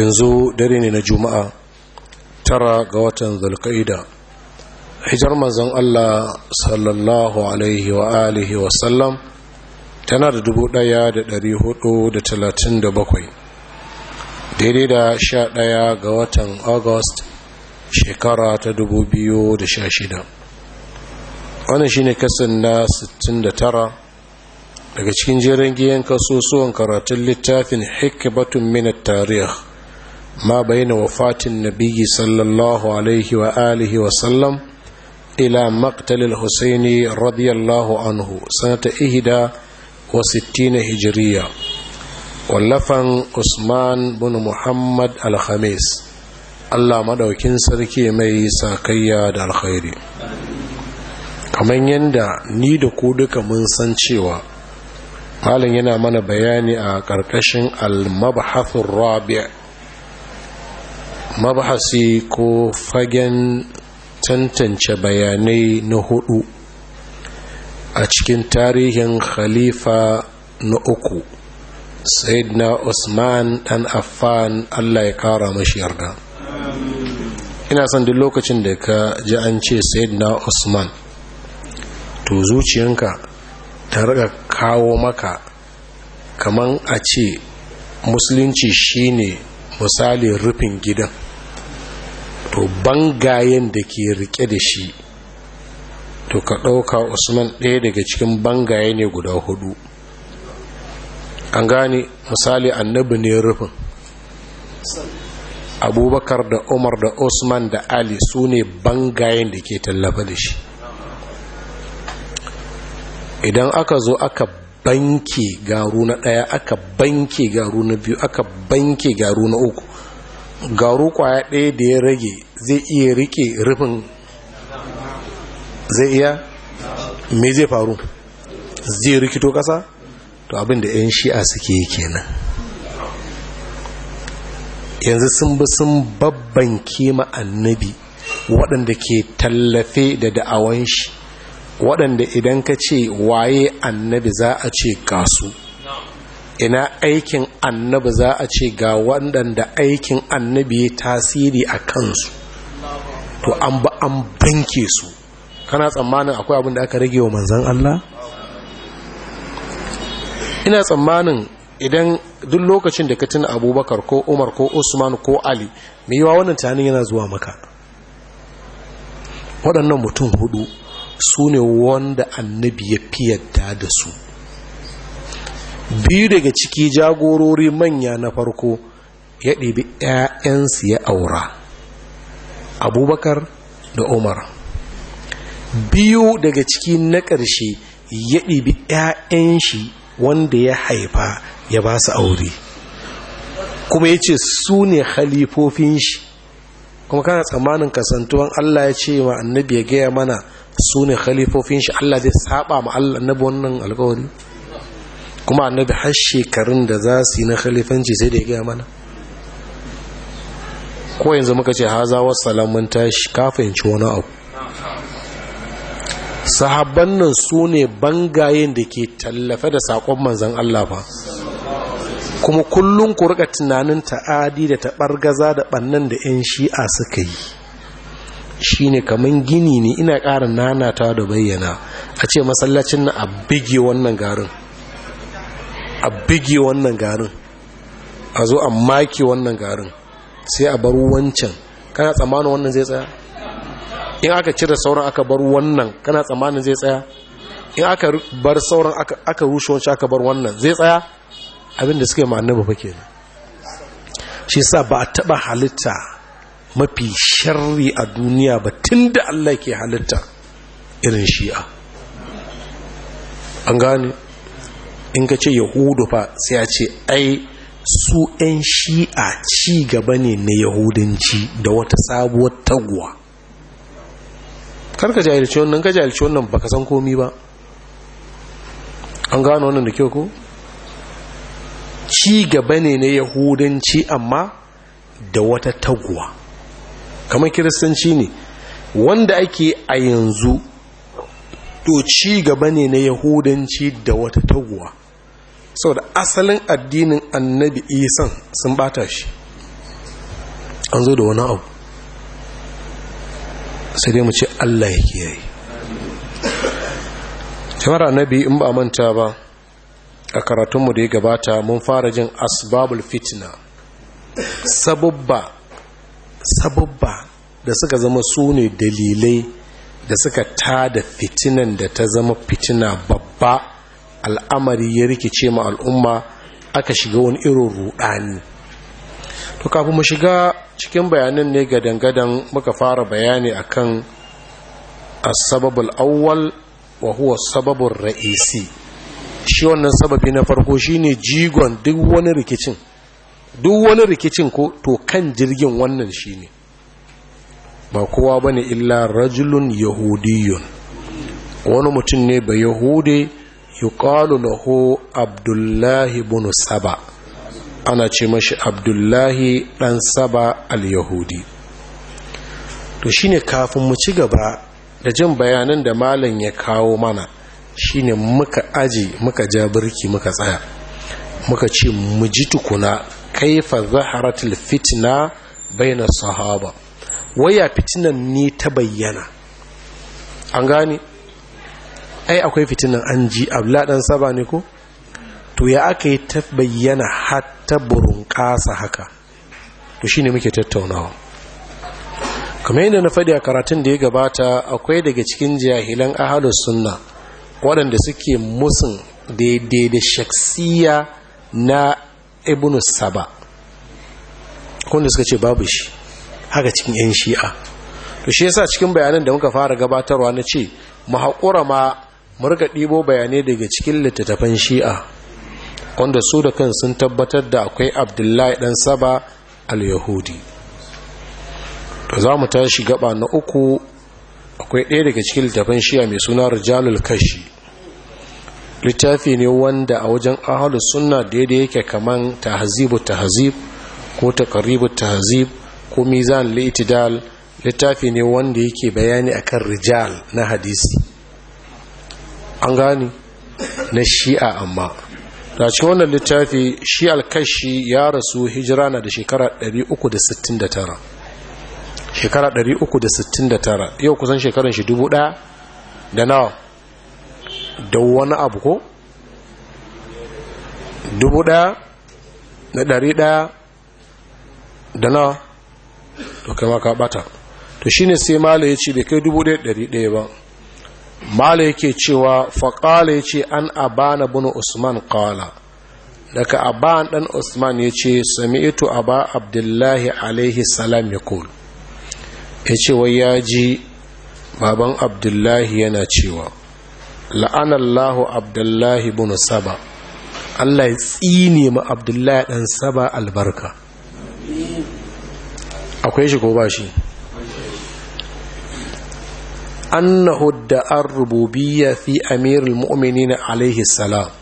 yanzu dare ne na juma'a tara ga watan zulkaida hijar manzon Allah sallallahu alaihi wa alihi wa sallam tana da dubu daya da dari hudu da talatin da bakwai daidai da sha daya ga watan august shekara ta dubu biyu da sha shida wannan shine kasan na sittin da tara daga cikin jerin giyan kasusuwan karatun littafin hikmatun minat tarihi ما بين وفاة النبي صلى الله عليه وآله وسلم إلى مقتل الحسين رضي الله عنه سنة إهدى وستين هجرية واللفن عثمان بن محمد الخميس Allah maɗaukin sarki mai sakayya da alkhairi kamar yadda ni da ku duka mun san cewa malin yana mana bayani a ƙarƙashin al-mabhathur rabi' mabahasi ko fagen tantance bayanai na hudu a cikin tarihin khalifa na uku na usman dan affan allah ya kara mashi yarda ina son duk lokacin da ka ji an ce na usman to zuciyanka ta riga kawo maka kaman a ce musulunci shine misali rufin gidan to bangayen da ke rike da shi to ka ɗauka usman ɗaya daga cikin bangaye ne guda hudu an gane misali annabi ne rufin abubakar da umar da usman da ali su ne bangayen da ke tallafa da shi idan aka zo aka banke garu na ɗaya aka banke garu na biyu aka banke garu na uku garu kwaya ɗaya da ya rage zai iya rike rufin zai iya me zai faru zai rikito ƙasa to abinda da 'yan shi'a suke yi kenan yanzu sun bi sun babban kima annabi waɗanda ke tallafe da da'awan shi waɗanda idan ka ce waye annabi za a ce su ina aikin annabi za a ce ga waɗanda aikin annabi ya tasiri a kansu to an ba an banke su kana tsammanin akwai abin da aka rage wa manzan Allah ina tsammanin idan duk lokacin da ka tuna abubakar ko umar ko usman ko ali mai yiwa wannan tunanin yana zuwa maka waɗannan mutum hudu su ne wanda annabi ya fi yadda da su biyu daga ciki jagorori manya na farko ya ɗibi 'ya'yansu ya aura abubakar da umar biyu daga ciki na ƙarshe ya ɗibi 'ya'yan shi wanda ya haifa ya ba su aure kuma ya ce su ne halifofin shi kuma kana tsammanin kasantuwan allah ya ce ma annabi ya gaya mana su ne khalifofin shi Allah zai saba ma Allah annabi wannan alkawari kuma annabi har shekarun da za su yi na khalifanci sai da ya gaya mana ko yanzu muka ce haza wassalam mun tashi ka fahimci wani abu sahabban nan su ne bangayen da ke tallafe da sakon manzan Allah ba kuma kullum ku rika tunanin ta'adi da taɓargaza da ɓannan da 'yan shi'a suka yi Shi ne kaman gini ne ina ƙara nanata da bayyana a ce masallacin na a bige wannan garin a bige wannan garin a zo a maki wannan garin sai a bar wancan kana tsammanin wannan zai tsaya in aka cire sauran aka bar wannan kana tsammanin zai tsaya in aka bar sauran aka rushe wancan aka bar wannan zai tsaya abinda suke ma annabi fa shi sa ba a taba halitta mafi sharri a duniya ba tun da Allah ke halitta irin shi'a an gane in ka ce yahudu fa sai a ce ai su 'yan shi'a ci gaba ne na yahudanci da wata sabuwar taguwa Kar ka jahilci wannan ka jahilci wannan baka san komi ba an gano wannan da kyau ko ci gaba ne na yahudanci amma da wata taguwa kamar kiristanci ne wanda ake a yanzu to ci gaba ne na yahudanci da wata taguwa saboda asalin addinin annabi isan sun bata shi an zo da wani abu sai dai mu ce allah ya kiyaye jama'ar annabi in ba manta ba a karatunmu da ya gabata mun fara jin asbabul fitina sabubba sababba da suka zama su ne dalilai da suka tada fitinan da ta zama fitina babba al'amari ya rikice ma al'umma aka shiga wani irin rudani to kafin mu shiga cikin bayanan ne ga dangadan muka fara bayani akan asababul awwal wa huwa sababur ra'isi shi wannan sababi na farko shine jigon duk wani rikicin duk wani rikicin ko to kan jirgin wannan shi ne. ba kowa ba ne illa rajulun yahudiyun wani mutum ne ba yahude na ho abdullahi bunu saba ana ce mashi abdullahi dan saba al-yahudi to ne kafin mu ci gaba da jin bayanan da malam ya kawo mana shi ne muka aji muka ja birki muka tsaya muka ce mu ji tukuna kaifa zaharatul fitna bayna sahaba waya fitinan ne ta bayyana an gane ai akwai fitinan an ji abla dan saba ne ko to ya aka yi ta bayyana hatta burin kasa haka to shine muke tattaunawa kamar yadda na faɗi a karatun da ya gabata akwai daga cikin jahilan ahalus sunna waɗanda suke musun daidai da shaksiya na ibn saba wanda suka ce babu shi haka cikin 'yan shi'a to shi yasa cikin bayanan da muka fara gabatarwa na ce mu haƙura ma mu riga ɗibo bayanai daga cikin littattafan shi'a wanda su da kan sun tabbatar da akwai abdullahi ɗan saba al-yahudi to za mu tashi gaba na uku akwai ɗaya daga cikin littattafan shi'a mai suna rijalul kashi littafi ne wanda a wajen ahalu sunna daidai yake kaman tahzibu tahzib ko taqribu tahzib ko mizan litidal littafi ne wanda yake bayani akan rijal na hadisi an gani na shi'a amma da cikin wannan littafi shi kashi ya rasu hijira na da shekara 369 shekara 369 yau kusan shekarun shi dubu ɗaya da nawa da wani abu ko dubu ɗaya da dari ɗaya da na to kai maka bata to shine sai mala ya ce bai kai dubu ɗaya dari ɗaya ba mala ke cewa faƙala ya ce an abana bunu usman ƙala daga aban ɗan usman ya ce sami a aba abdullahi alaihi salam ya kul ya ce wai ya ji baban abdullahi yana cewa la'anallahu abdullahi bin saba Allah ya tsine ma abdullahi dan saba albarka akwai shi ko ba shi annahu da'ar rububiyya fi amirul mu'minin alaihi salam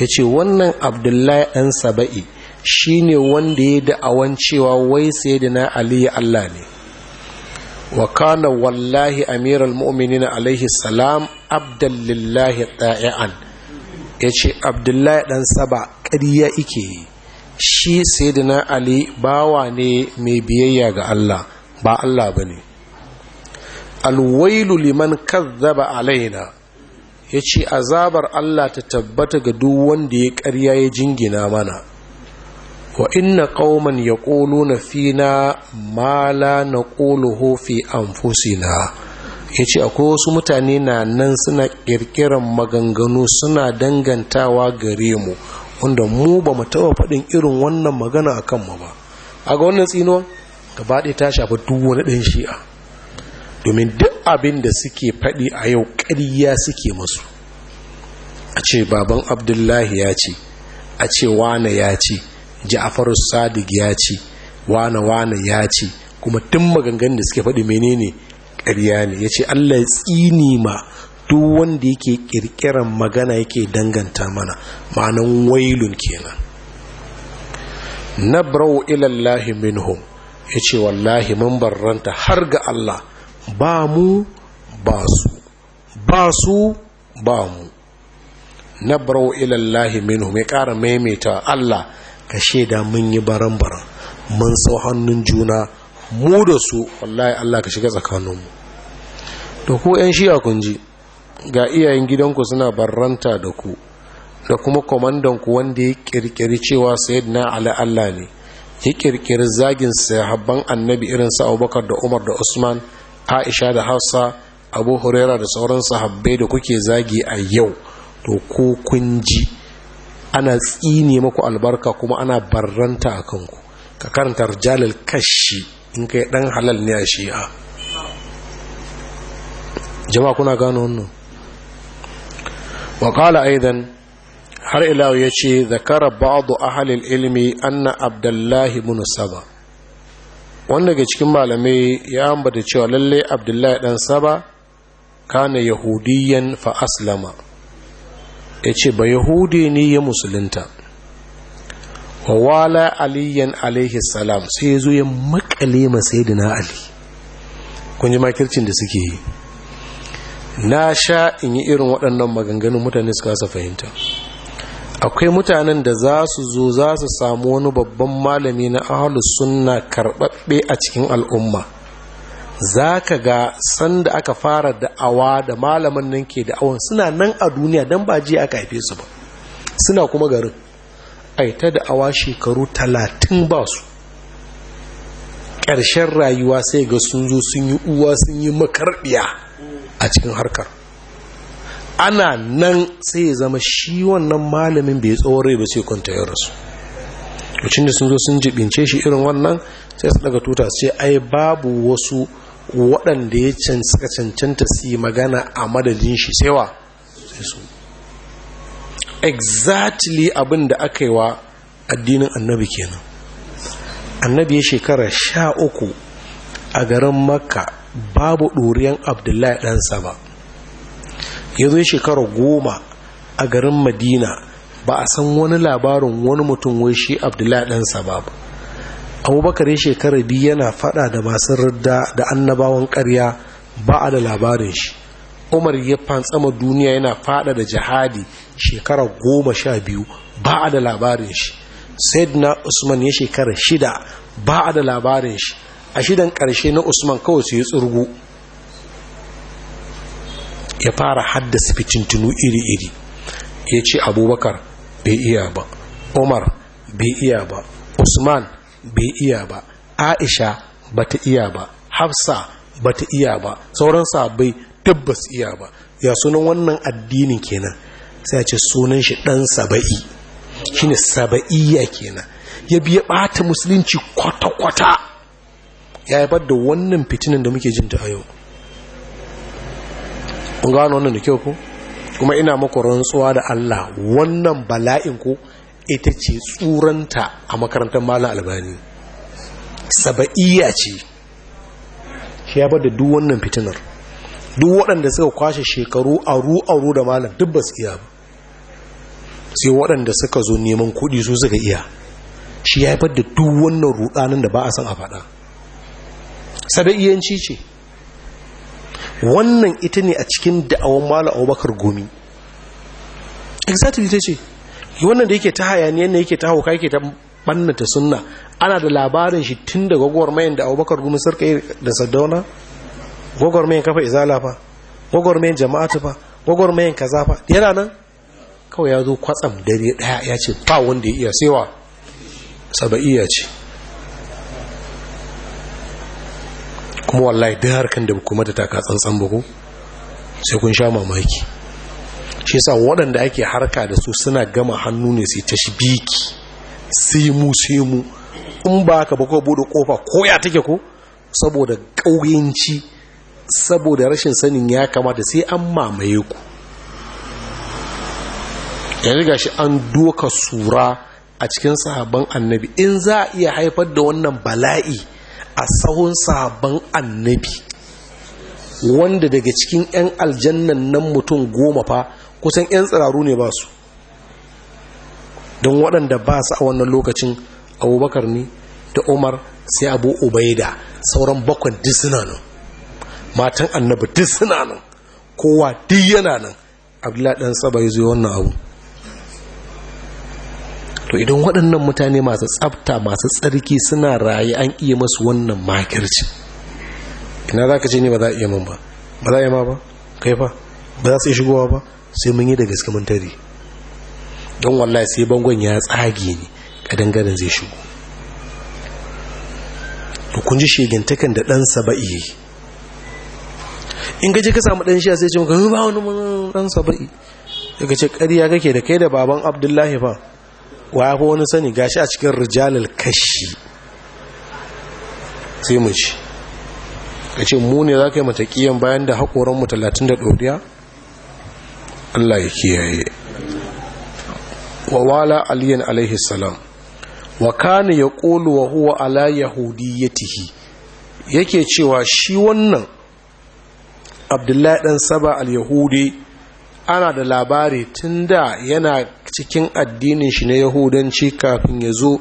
yace wannan abdullahi dan saba'i shine wanda ya da'awan cewa wai sai da na ali Allah ne wa kana wallahi amirul mu'minin alaihi salam abdallillahi ɗaya’an ya ce abdullahi ɗan saba ƙarya ike yi shi saidina ali bawa ne mai biyayya ga Allah ba Allah ba ne alwailu liman kazzaba alaina ya ce azabar Allah ta tabbata ga duk wanda ya ƙarya ya jingina mana wa inna qauman yaquluna fina ma la naquluhu fi anfusina ya ce akwai wasu mutane na nan suna ƙirƙirar maganganu suna dangantawa gare mu wanda mu ba mu taɓa faɗin irin wannan magana a kanmu ba a ga wannan tsinuwa gaba ɗaya ta shafi dubu na ɗan shi'a domin duk abin da suke faɗi a yau ƙarya suke masu a ce baban abdullahi ya ce a ce wane ya ce ja'afar sadiq ya ce wane wane ya ce kuma tun maganganu da suke faɗi menene ƙarya ne ya ce allah ya tsini ma duk wanda yake ƙirƙirar magana yake danganta mana ma'anan wailun kenan na brau ilallahi minhum ya ce wallahi mun barranta har ga allah ba mu ba su ba su ba mu na brau ilallahi minhum ya ƙara maimaita allah ka shaida mun yi baran-baran mun sau hannun juna mu da su wallahi allah ka shiga tsakaninmu to ku 'yan shiya kun ji ga iyayen gidanku suna barranta da ku da kuma kwamandanku wanda ya kirkiri cewa sayid na Allah ne ya kirkiri zagin sahabban annabi irin sa abubakar da umar da usman aisha da hafsa abu huraira da sauran sahabbai da kuke zagi a yau to ko kun ji ana tsine maku albarka kuma ana barranta a kanku ka karanta jalil kashi in kai dan halal ne a shi'a jama'a kuna gano wannan وقال أيضا har ila ya ce zakara ba'adu ahalil ilmi anna abdullahi bin saba wanda daga cikin malamai ya ambata cewa lalle abdullahi dan saba kana yahudiyan fa aslama ya ce ba yahudi ne ya musulunta wa wala aliyan alaihi salam sai ya zo ya makale masayidina ali kun ji makircin da suke yi na sha in yi irin waɗannan maganganun mutane su kasa fahimta akwai mutanen da za su zo za su samu wani babban malami na ahalus sunna karɓaɓɓe a cikin al'umma za ka ga sanda aka fara da'awa da malaman nan ke da'awan suna nan a duniya don ba ji aka haife su ba suna kuma garin ai ta da'awa shekaru talatin ba su ƙarshen rayuwa sai ga sun zo sun yi uwa sun yi makarɓiya a cikin harkar ana nan sai ya zama shi wannan malamin bai rai ba sai kwanta ya rasu lokacin da sun zo sun jibince shi irin wannan sai su daga tuta sai ai babu wasu waɗanda ya suka cancanta su yi magana a madadin shi sai wa sai su exactly abin da aka yi wa addinin annabi kenan annabi ya shekara sha uku a garin makka babu ɗoriyan abdullahi ɗansa ba ya zo shekara goma a garin madina ba a san wani labarin wani mutum wai shi abdullahi ɗansa ba abubakar ya shekara biyu yana fada da masu radda da annabawan karya ba a da labarin shi umar ya fantsama duniya yana fada da jihadi shekara goma sha biyu ba a da labarin shi sayyidina usman ya shekara shida ba a da labarin shi a shidan ƙarshe na usman kawai su yi tsurgu ya fara haddasa ficintunu iri-iri ya ce abubakar bai iya ba umar bai iya ba usman bai iya ba aisha bata iya ba hafsa bata iya ba sauran sabai tabbas iya ba ya sunan wannan addinin kenan sai ce sunan shi dan saba'i shine ya kenan ya biya bata musulunci kwata-kwata ya haifar da wannan fitinin da muke jinta a yau kun gano wannan da kyau ko kuma ina maku rantsuwa da Allah wannan bala'in ko ita ce tsuranta a makarantar malam albani saba'iyya ce shi ya bada duk wannan fitinar duk waɗanda suka kwashe shekaru aru-aru da malam duk ba su iya ba sai waɗanda suka zo neman kuɗi su suka iya shi ya bada da duk wannan rudanin da ba a san a faɗa sada'iyanci ce wannan ita ne a cikin da'awar malu abubakar gomi exactly ta ce wannan da yake ta hayaniyar ne yake ta hauka yake ta bannata sunna ana da labarin shi tun da mayan da abubakar gumi sarka da saddauna mayan kafa izala fa mayan jama'atu fa mayan kaza fa yana nan kawai ya zo kwatsam dare daya ya ce ba wanda ya iya sewa saba'iya ce kuma wallahi duk harkan da kuma ta taka tsantsan ba ko sai kun sha mamaki shi yasa waɗanda ake harka da su suna gama hannu ne sai ta shibiki sai mu sai mu in ba ka ba bude kofa ko ya take ko saboda ƙauyenci saboda rashin sanin ya kamata sai an mamaye ku ya riga shi an doka sura a cikin sahabban annabi in za a iya haifar da wannan bala'i a sahun sabon annabi wanda daga cikin 'yan aljannan nan mutum goma fa kusan 'yan tsiraru ne ba su don waɗanda ba su a wannan lokacin abubakar ne da umar sai abu ubaida sauran bakon duk nan matan annabi duk nan kowa duk yana nan abdullahi ɗan saba ya zo wannan abu to idan waɗannan mutane masu tsafta masu tsarki suna raye an iya masu wannan makirci ina za ka ce ne ba za a iya min ba ba za a yi ma ba kai fa ba za su yi shigowa ba sai mun yi da gaske mun tare don wallahi sai bangon ya tsage ne kadangaren zai shigo to kun ji da ɗan yi in gaje ka samu ɗan shiya sai ce maka ba wani ɗan saba'i daga ce ƙarya kake da kai da baban abdullahi fa wa fi wani sani gashi a cikin rijalal kashi sai mu ci ka ce mu ne za ka yi matakiyan bayan da haƙoranmu talatin da ɗoriya allah ya kiyaye wa wala aliyan alaihi salam wa kana ya ƙolu wa huwa ala yahudiyyatihi yake cewa shi wannan abdullahi ɗan saba al-yahudi ana da labari tun da yana cikin addinin shi na yahudanci kafin ya zo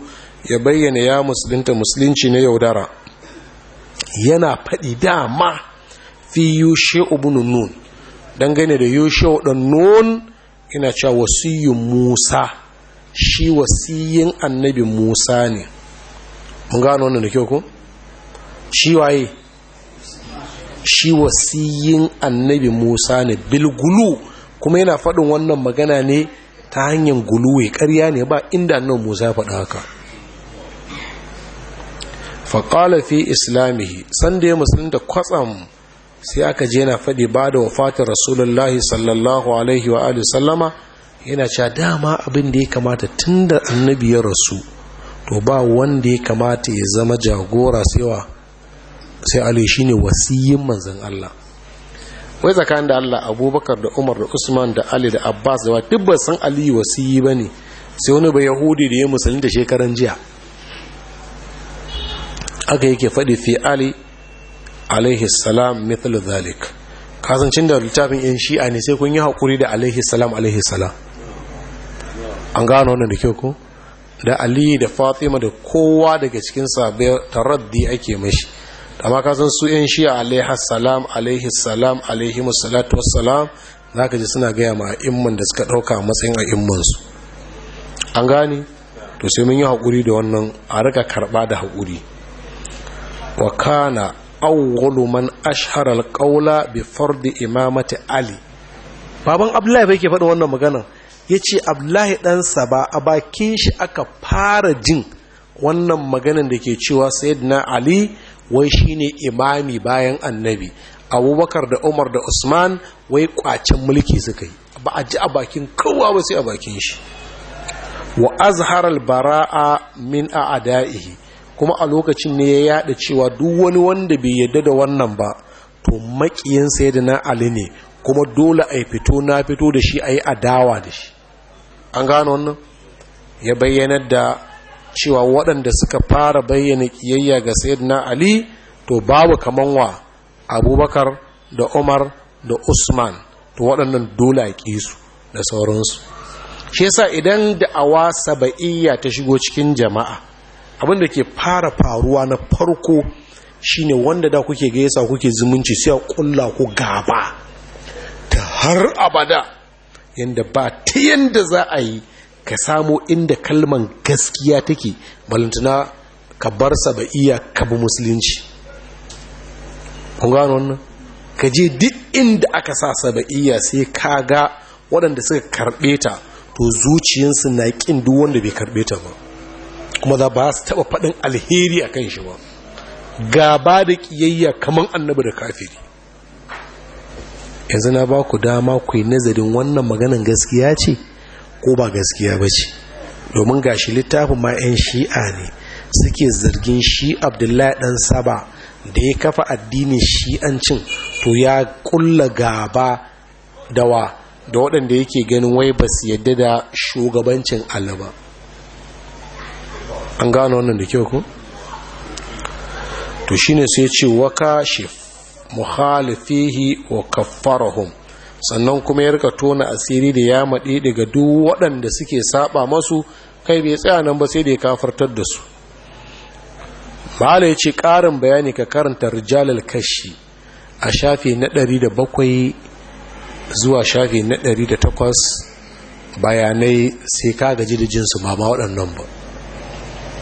ya bayyana ya musulunta musulunci na yaudara yana faɗi dama fi yushe ubunun nun dangane da yushe ɗan nun ina cewa wasiyin musa shi wasiyin annabi musa ne mun gano wannan da kyau ku shi waye shi wasiyin annabi musa ne bilgulu kuma yana faɗin wannan magana ne ta hanyar guluwe karya ne ba inda nan musa faɗa haka faƙala fi islamihi sanda ya da kwatsam sai aka je yana faɗi ba da wafatar rasulullahi sallallahu alaihi wa sallama yana cewa dama abin da ya kamata tun da annabi ya rasu to ba wanda ya kamata ya zama jagora sai Ali shi ne wasiyin manzan Allah wai tsakanin da Allah abubakar da umar da usman da ali da abbas da duk ba san aliyu wasiyi ba ne sai wani ba yahudi da ya musulun da shekaran jiya aka yake faɗi fi ali alaihi salam mithal zalik kasancin da littafin yan shi'a ne sai kun yi haƙuri da alaihi salam alaihi salam an gano wannan da kyau ko da aliyu da fatima da kowa daga cikin sabai taraddi ake mashi amma ka san su yan shi'a alaihi salam alaihi salam alaihi musallatu wassalam zaka ji suna gaya ma imman da suka dauka matsayin a imman su an gane to sai mun yi hakuri da wannan a rika karba da hakuri wa kana awwalu man ashhara alqawla bi fardi imamati ali baban abdullahi bai ke faɗa wannan magana yace abdullahi dan ba a bakin shi aka fara jin wannan maganan da ke cewa sayyidina ali wai shine imami bayan annabi abubakar da umar da usman wai kwacen mulki suka yi ba a ji a bakin kowa ba sai a bakin shi wa azhar bara'a min a'da'ihi kuma a lokacin ne ya yada cewa duk wani wanda bai yadda da wannan ba to makiyin sayyidina ali ne kuma dole a fito na fito da shi a yi adawa da shi an gano wannan ya bayyanar da cewa waɗanda suka fara bayyana kiyayya ga sayyidina ali to babu kaman wa abubakar da umar da usman to waɗannan dole a su da sauransu shi yasa idan da'awa saba'iyya ta shigo cikin jama'a abin da ke fara faruwa na farko shine wanda da kuke ga yasa kuke zumunci sai a kulla ku gaba ta har abada yanda ba ta yadda za a yi ka samo inda kalman gaskiya take balantana ka bar saba'iya ka bi musulunci kun gano wannan ka je duk inda aka sa saba'iya sai ka ga waɗanda suka karɓe ta to zuciyarsu na ƙin duk wanda bai karɓe ta ba kuma za ba su taɓa faɗin alheri a kan shi ba gaba da ƙiyayya kamar annabi da kafiri yanzu na ba ku dama ku nazarin wannan maganan gaskiya ce ko ba gaskiya ba ce domin gashi littafin ma 'yan shi'a ne suke zargin shi abdullahi dan saba da ya kafa addinin shi'ancin to ya kulla gaba dawa da waɗanda yake ganin wai ba su yadda da shugabancin Allah ba an gano wannan da kyau ku? to shine sai ce waka shif muhalifihi wa kaffarahum sannan kuma ya rika tona asiri da ya maɗe daga duk waɗanda suke saba masu kai bai tsaya nan ba sai da ya kafartar da su ma'ala ya ce ƙarin bayani ka karanta rijalal kashi a shafi na ɗari da bakwai zuwa shafi na ɗari da takwas bayanai sai ka gaji da jinsu mama, ma waɗannan ba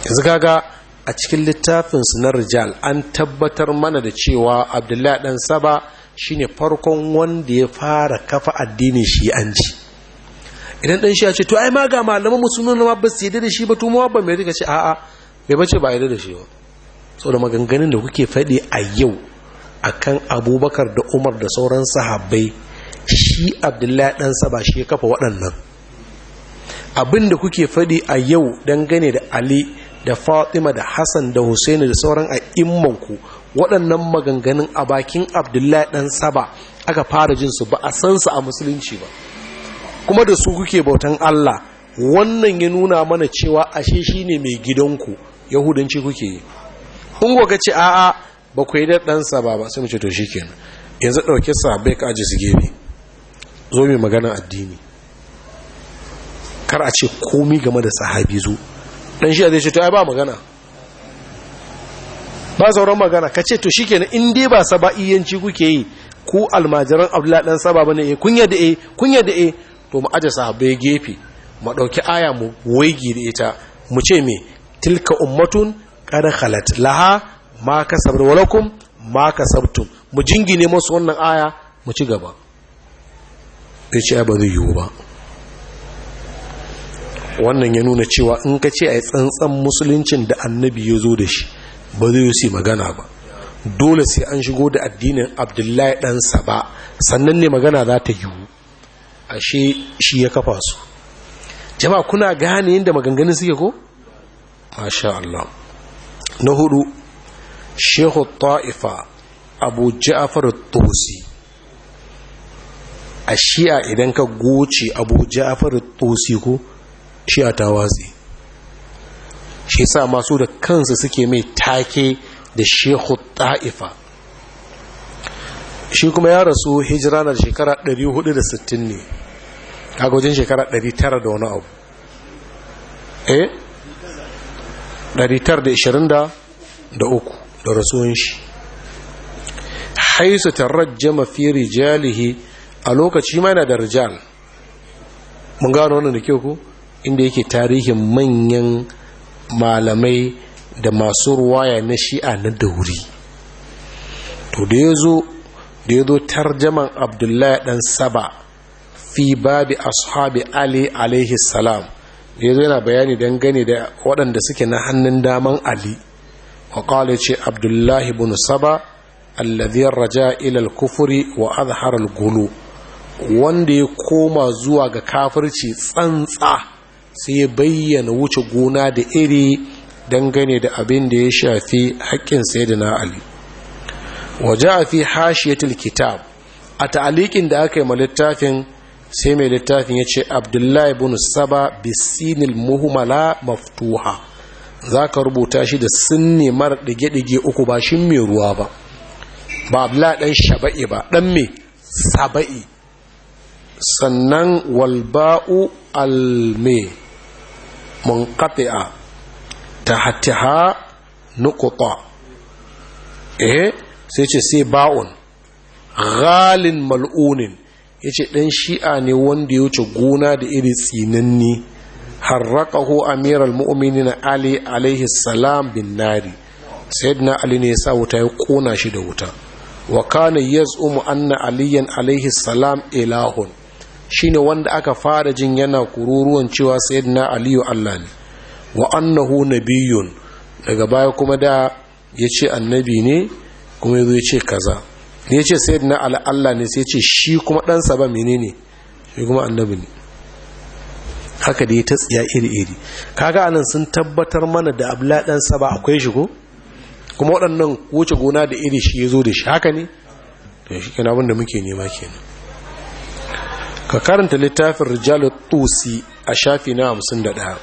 yanzu a cikin littafinsu na rijal an tabbatar mana da cewa abdullahi ɗan saba shine farkon wanda ya fara kafa addinin shi'anci idan dan shi ya ce to ai ma ga malaman musulmi ma ba su yi da shi ba to ma ba mai rika ce a'a bai bace ba yi da shi ba saboda maganganun da kuke faɗi a yau akan Abubakar da Umar da sauran sahabbai shi Abdullahi dan sa ba shi ya kafa waɗannan abin da kuke faɗi a yau dangane da Ali da Fatima da Hassan da Husaini da sauran a'immanku waɗannan maganganun a bakin abdullahi ɗan saba aka fara jin su ba a san su a musulunci ba kuma da su kuke bautan Allah wannan ya nuna mana cewa ashe ne mai gidanku yahudanci kuke yi in ga ce a'a ba ku yi da ɗan saba ba sai mu ce to shi kenan. yanzu ɗauke sa ka aji su gefe zo mai magana addini kar a ce komi game da sahabi zo dan shi a zai ce to ai ba magana ba sauran magana ka ce to shikenan in dai ba saba'iyanci kuke yi ku almajiran abdullah saba ba na kunya da eh kunya da e eh, eh. to mu aje sahabbai gefe mu ɗauki aya mu wai da ita mu ce me tilka ummatun qad khalat laha ma kasabat walakum ma kasabtum mu jingine masu wannan aya mu ci gaba sai ba zai yiwu ba wannan ya nuna cewa in ka ce a yi tsantsan musuluncin da annabi ya zo da shi ba zai yi magana ba dole sai an shigo da addinin abdullahi ɗansa ba sannan ne magana za ta yiwu ashe shi ya kafa su jama kuna gane yadda maganganun suke ko? masha Allah na hudu shehu ta'ifa abu ja'afar tosi a shi'a idan ka goce abu ja'afar tosi ko shi'a ta watsi shi sa masu da kansu suke mai take da shehu ta'ifa shi kuma ya rasu hijira na shekara 460 ne a gujin shekara 900 da wani abu eh 923 da rasuwan shi haisu tarajjama fi rijalihi a lokaci ma yana da rijal mun gano wannan da kyau ku inda yake tarihin manyan malamai da masu ruwaya na shi'a na dauri to da ya zo da ya zo tarjaman abdullahi dan saba fi babi ashabi ali alaihi salam da ya zo yana bayani dangane da waɗanda suke na hannun daman ali wa ce abdullahi bin saba alladhi raja ilal kufuri wa azhar gulu wanda ya koma zuwa ga kafirci tsantsa sai ya bayyana wuce gona da iri dangane da abin da ya shafi haƙƙin na ali waje a fi hashiyatul kitab a ta'alikin da aka yi ma littafin sai mai littafin ya ce abdullahi bin saba bisinil muhmala maftuha za ka rubuta shi da sinne mara ɗige-ɗige uku ba shi mai ruwa ba ba abla ɗan shaba'i ba ɗan mai saba'i sannan walba'u alme munqati'a tahtaha nuqta eh sai ce sai ba'un ghalin mal'unin yace dan shi'a ne wanda ya wuce gona da iri tsinanni harraqahu amiral mu'minin ali alaihi salam bin nari sayyidina ali ne yasa wuta ya kona shi da wuta Wakana kana yaz'umu anna aliyan alaihi salam ilahun shine wanda aka fara jin yana kururuwan cewa sayyidina aliyu Allah ne wa annahu biyun. daga baya kuma da ya ce annabi ne kuma ya ce kaza Ya ce sayyidina Allah ne sai ce shi kuma dan ba mene ne? shi kuma annabi ne haka da ya ta tsiya iri-iri kaga anan sun tabbatar mana da abla dan sa ba akwai shi ko kuma waɗannan wuce gona da iri shi ya zo da shi haka ne da shi kenan abin da muke nema kenan ka karanta littafin rijalu tusi a shafi na hamsin da ɗaya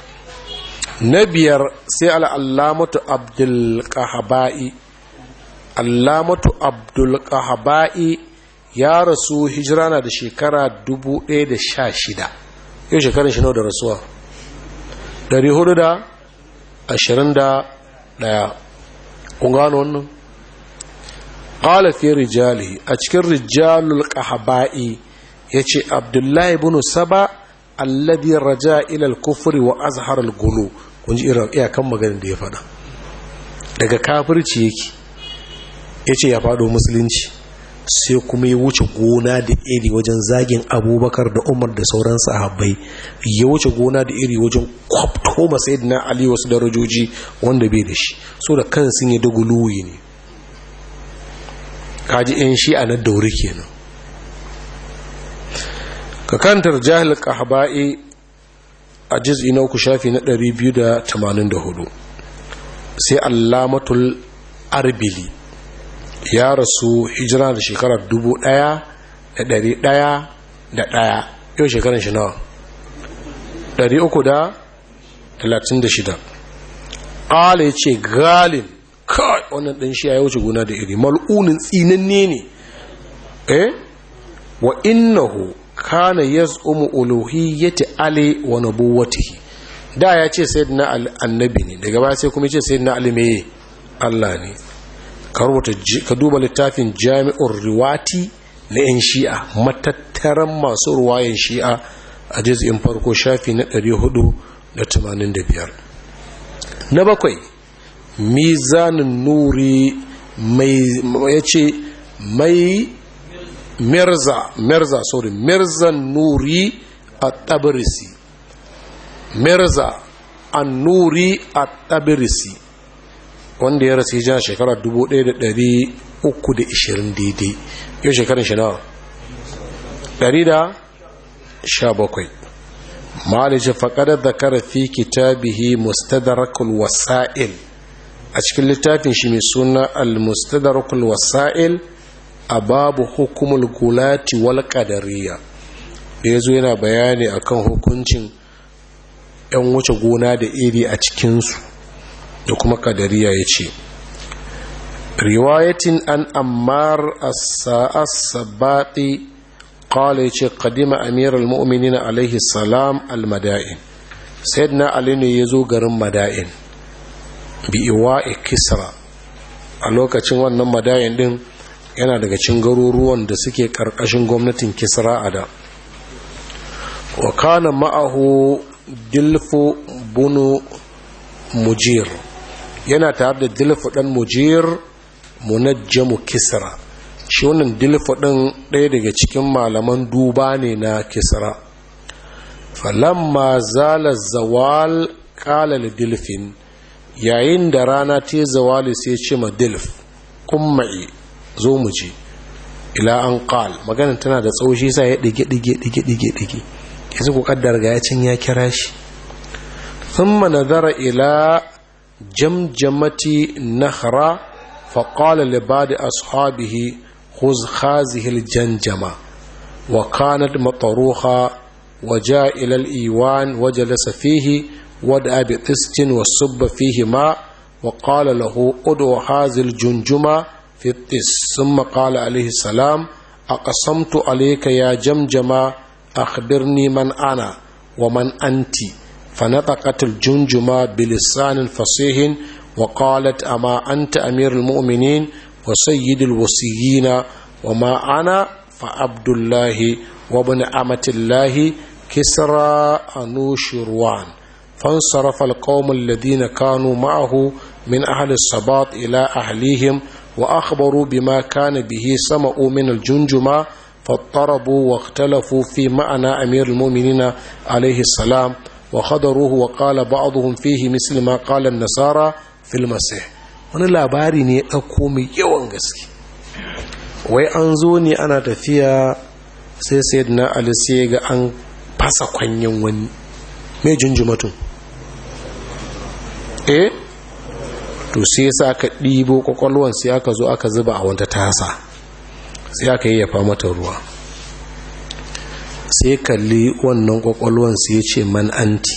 na biyar sai al'allamatu abdulkahaba'i allamatu abdulkahaba'i ya rasu hijira na da shekara 1016 yau shekarun shi nau da rasuwa 421 kun gano wannan ƙalafin rijali a cikin rijalul ƙahaba'i ya ce abdullahi bin saba alladhi raja ilal kufri wa azhar al-gulu kun ji irin iyakan maganin da ya faɗa daga kafirci yake ya ce ya faɗo musulunci sai kuma ya wuce gona da iri wajen zagin abubakar da umar da sauran sahabbai ya wuce gona da iri wajen kwabto masayidina ali wasu darajoji wanda bai da shi so da kan sun yi daguluwi ne kaji yan shi'a na dauri kenan ka kantar jahil kahba'i a jiz'i na uku shafi na 284 sai allamatul arbili ya rasu hijira da shekarar dubu yau shekarar shi nawa ɗari uku ƙala ya ce galin kai wannan ɗan shi ya wuce gona da iri mal'unin tsinanne ne eh wa innahu kana yaz'umu uluhiyyati ali wa nubuwwatihi da ya ce sayyidina annabi ne daga baya sai kuma ya ce sayyidina ali meye Allah ne ka rubuta ka duba littafin jami'ur riwati na yan shi'a matattaran masu ruwayan shi'a a juz'in farko shafi na 485 na bakwai mizanin nuri mai yace mai mirza mirza sorry mirza nuri a tabrisi mirza an nuri a tabrisi wanda ya rasu hijira shekara 1320 daidai yau shekarun shi nawa 117 malice faƙadar da karafi kitabihi mustadarakul wasa'il a cikin littafin shi mai suna al-mustadarakul wasa'il a babu hukumul gulati wal kadariya ya yazo yana bayani akan hukuncin yan wuce gona da iri a cikinsu da kuma ya ce. riwayatin an ammar as-sabati qala yace kadima amirul mu'minin alaihi salam al-mada'in sayyidina ali ne zo garin mada'in bi iwa'i kisra a lokacin wannan mada'in din yana daga cin garuruwan da suke ƙarƙashin gwamnatin kisra a da wa kana ma'ahu dilfu bunu mujir yana tare da dilfu ɗan mujir munajjamu kisra shi wannan dilfu ɗin ɗaya daga cikin malaman duba ne na kisra falamma zala zawal kala dilfin yayin da rana ta zawali sai ce ma dilf kumma'i zo mu ji ila an qal maganar tana da tsaushi sai ya dige dige dige dige dige yanzu kaddar ga yacin ya kira shi thumma nazara ila jamjamati nahra fa qala li ba'd ashabihi khuz janjama wa kanat matruha Wajen-ilal-iwan, الإيوان وجلس فيه ودعا بقسط وصب فيه ماء وقال له ادعو هذه الجنجمة fitis sun maƙala alaihi salam a ƙasamtu alaika ya jamjama akhbirni man ana wa man anti فنطقت الجمجمة بلسان فصيح وقالت أما أنت أمير المؤمنين وسيد الوصيين وما أنا فعبد الله وابن أمة الله كسرى أنوشروان فانصرف القوم الذين كانوا معه من أهل السباط إلى أهليهم wa akhbaru bima kana bihi junjuma fattarabu wa ma'ana amir al wa khadaruhu wa qala ba'dhum fihi nasara wani labari ne ɗauko mai yawan gaske wai an zo ne ana tafiya sai sayyidina ali sai ga an fasa kwanyen wani mai junjumatun eh to sai sa ka ɗibo kwakwalwan sai aka zo aka zuba a wata tasa sai aka yi yafa mata ruwa sai kalli wannan kwakwalwa sai ya ce man anti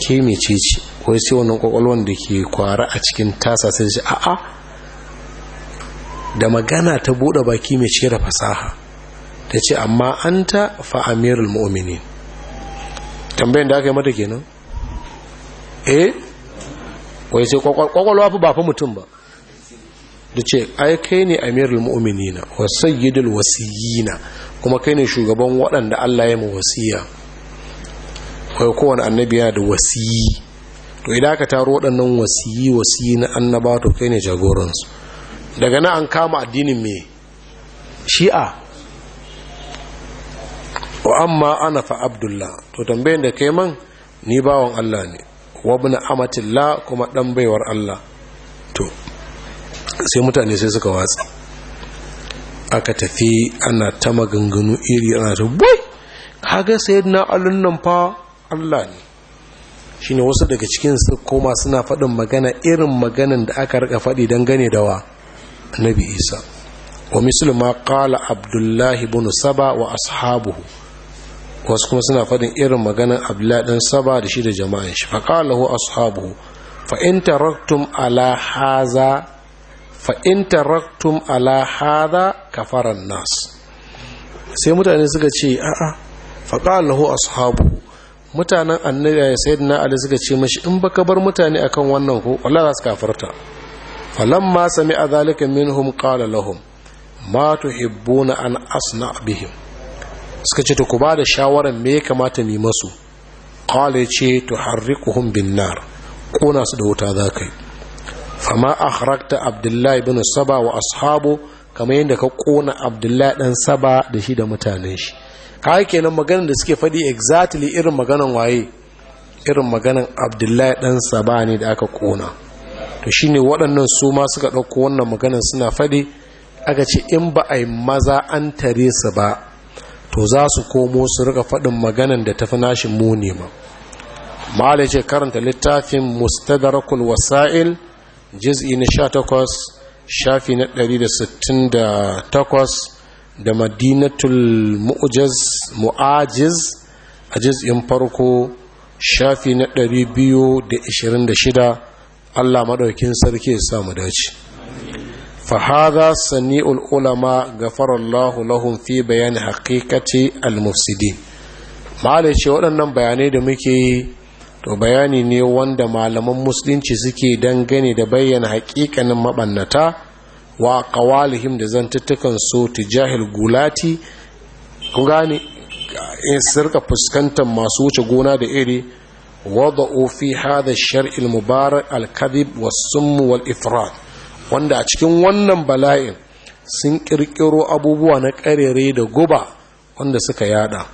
ke mece ce wai sai wannan kwakwalwa da ke kwara a cikin tasa sai ce a'a da magana ta buɗe baki mai cike da fasaha ta ce amma an ta fa'amirul ma'amini tambayin da aka yi mata kenan eh wai sai kwakwalwa fi ba fa mutum ba da ce ai kai ne amirul mu'minina wa sayyidul wasiyina kuma kai ne shugaban waɗanda Allah ya mu wasiya kai kowane annabi yana da wasiyi to idan aka taro waɗannan wasiyi wasiyi na annaba to kai ne jagoransu daga nan an kama addinin me shi'a wa amma ana fa abdullah to tambayin da kai man ni bawan Allah ne wabna Amatilla kuma dan baiwar Allah to sai mutane sai suka watsa aka tafi ana ta maganganu iri ana ta bai kaga sayyidina alun nan fa Allah ne shine wasu daga cikin su koma suna faɗin magana irin maganan da aka rika faɗi dangane da wa annabi Isa wa mislu ma qala abdullahi ibn saba wa ashabuhu wasu kuma suna faɗin irin maganar abdullahi ɗan saba da shi da jama'in shi fa qalahu ashabu fa in taraktum ala haza fa in taraktum ala haza kafaran nas sai mutane suka ce a'a fa qalahu ashabu mutanen annabi na ali suka ce mashi in baka bar mutane akan wannan ko wallahi za su kafarta falamma sami'a zalika minhum qala lahum ma tuhibbuna an asna bihim suka ce ta ku ba da shawarar me ya kamata mai masu kwale ce ta harrikuhun binnar kona su da wuta za ka yi fama a harakta abdullahi bin saba wa ashabu kamar yadda ka ƙona abdullahi dan saba da shi da mutanen shi ka kenan maganin da suke faɗi exactly irin maganin waye irin maganin abdullahi dan saba ne da aka kona, to shine waɗannan su ma suka ɗauko wannan maganin suna faɗi aka ce in ba a yi maza an tare su ba to za su komo su rika faɗin maganan da tafi nashin muni ma malai ce karanta littafin mustadrakul wasa'il juz'i na 18 shafi na 168 da madinatul mu'ajiz a juz'in farko shafi na 226 Allah maɗaukin sarki ya mu dace فهذا صنيع العلماء غفر الله لهم في بيان حقيقة المفسدين malai ce waɗannan bayanai da muke yi to bayani ne wanda malaman musulunci suke dangane da bayyana haƙiƙanin maɓannata wa ƙawalihim da zantuttukan su tijahil gulati ku in sirka fuskantar masu wuce gona da iri wadda ofi hada shar'il mubarak al-kadhib was-summ wal-ifrat wanda a cikin wannan bala'in sun ƙirƙiro abubuwa na ƙarere da guba wanda suka yada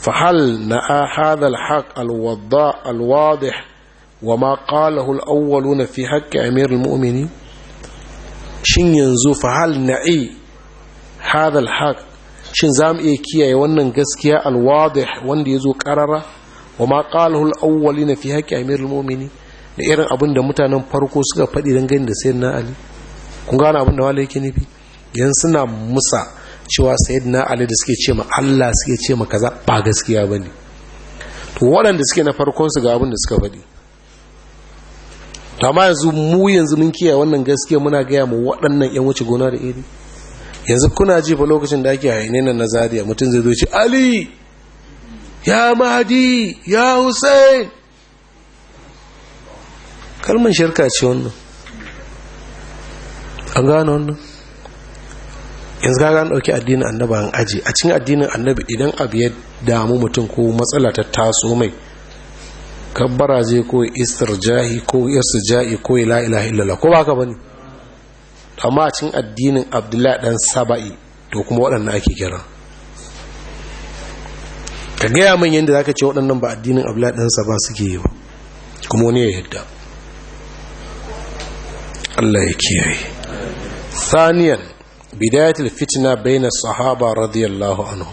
fahal na ahadal haƙ alwadda alwadih wa ma ƙalahu al'awwalu na fi haƙƙi amirul mu'mini shin yanzu fahal na a hadal haƙ shin za mu iya kiyaye wannan gaskiya alwadih wanda ya zo ƙarara wa ma ƙalahu al'awwalu na fi haƙƙi amirul mu'mini da irin abin da mutanen farko suka faɗi don gani da sayyid na ali kun gane abin da wala yake nufi yan suna musa cewa sayyid na ali da suke ce ma allah suke ce ma kaza ba gaskiya ba ne to waɗanda suke na farkon su ga abin da suka faɗi to amma yanzu mu yanzu mun kiyaye wannan gaskiya muna gaya mu waɗannan yan wuce gona da iri yanzu kuna ji fa lokacin da ake haine nan na zariya mutum zai zo ce ali ya mahadi ya hussein kalmar shirka ce wannan an gano wannan yanzu ga an ɗauki addinin annaba an aji a cikin addinin annabi idan abu ya damu mutum ko matsala ta taso mai kabbara zai ko istirjahi ko jahi, ko la ilaha illallah ko baka bane amma a cikin addinin abdullahi dan saba'i to kuma waɗannan ake kira ka gaya min yadda zaka ce waɗannan ba addinin abdullahi dan saba suke yi ba kuma wani ya yadda Allah ya kiyaye saniyan bidayatul fitna baina sahaba radiyallahu anhu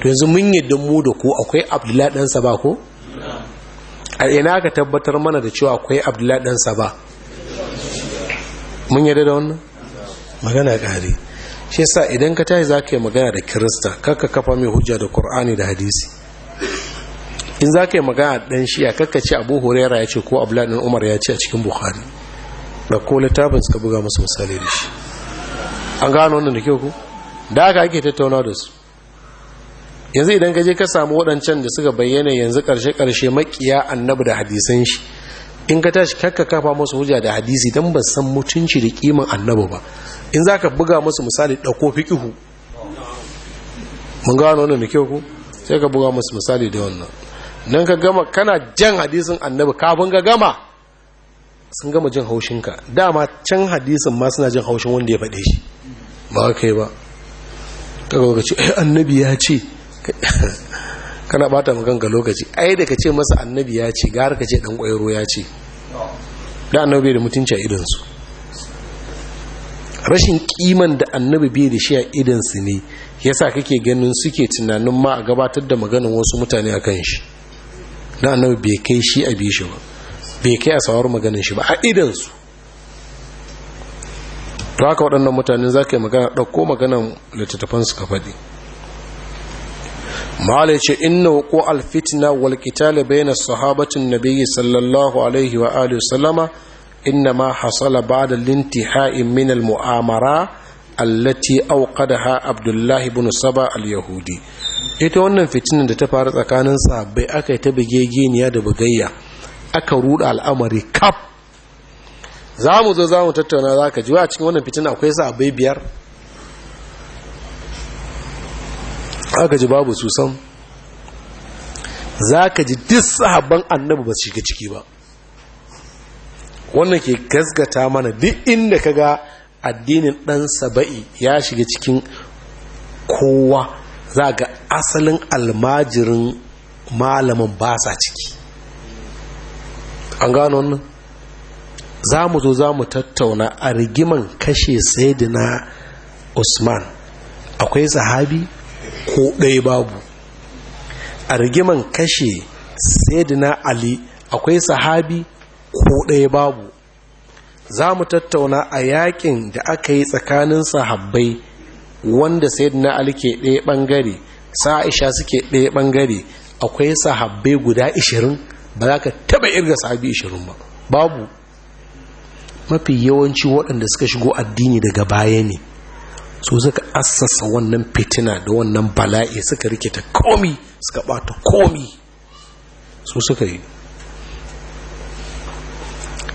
to yanzu mun yadda mu da ku akwai abdullahi dan ba ko a ina ka tabbatar mana da cewa akwai abdullahi dan ba mun yadda da wannan magana kare shi yasa idan ka tashi zaka yi magana da kirista kakka kafa mai hujja da qur'ani da hadisi in zaka yi magana dan shiya kakka ce abu huraira ya ce ko abdullahi dan umar ya ce a cikin bukhari da ko littafin suka buga musu misali da shi an gano wannan da kyau ku da aka ake tattauna da su yanzu idan ka je ka samu waɗancan da suka bayyana yanzu ƙarshe-ƙarshe makiya annabi da hadisan shi in ka tashi kakka kafa musu hujja da hadisi don ba san mutunci da kiman annabi ba in za ka buga musu misali da ɗauko fiƙihu mun gano wannan da kyau ku sai ka buga musu misali da wannan nan ka gama kana jan hadisin annabi kafin ka gama sun gama jin haushinka dama can hadisin ma suna jin haushin wanda ya faɗe shi ba kai ba kaga lokaci ai annabi ya ce kana bata maganka lokaci ai da ka ce masa annabi ya ce gara ka ce dan ƙwairo ya ce da annabi da mutunci a idonsu? rashin kiman da annabi bai da shi a idonsu ne yasa kake ganin suke tunanin ma a gabatar da maganin wasu mutane a kan shi da annabi bai kai shi a bi ba bai kai a sawar maganin shi ba a idansu to haka waɗannan mutane za ka yi magana ɗauko maganan littattafansu ka faɗi malai ce inna wuko alfitina wal bai na sahabatin nabiyyi sallallahu alaihi wa alihi salama, inna ma hasala ba'da lintihai min al mu'amara allati ha abdullahi bin saba al yahudi ita wannan fitinan da ta faru tsakanin sahabbai aka yi ta bigegeniya da bugayya aka ruɗa al'amari kaf za mu zo za mu tattauna za ka ji cikin wannan fitina akwai sa abai biyar aka ji babu su san za ka ji duk sahabban annabi ba su shiga ciki ba wannan ke gasgata mana duk inda ka ga addinin ɗan saba'i ya shiga cikin kowa za ga asalin almajirin malamin ba sa ciki an gano wannan za mu zo za mu tattauna a rigiman kashe sayidina usman akwai sahabi ko ɗaya babu a rigiman kashe sayidina ali akwai sahabi ko ɗaya babu za mu tattauna a yakin da aka yi tsakanin sahabbai wanda sayidina ali ke ɗaya ɓangare sa'isha suke ɗaya ɓangare akwai sahabbai guda ishirin ba za ka taba irga sahabi ishirin ba babu mafi yawanci waɗanda suka shigo addini daga baya ne so suka assasa wannan fitina da wannan bala'i suka rikita komi suka ɓata komi so suka yi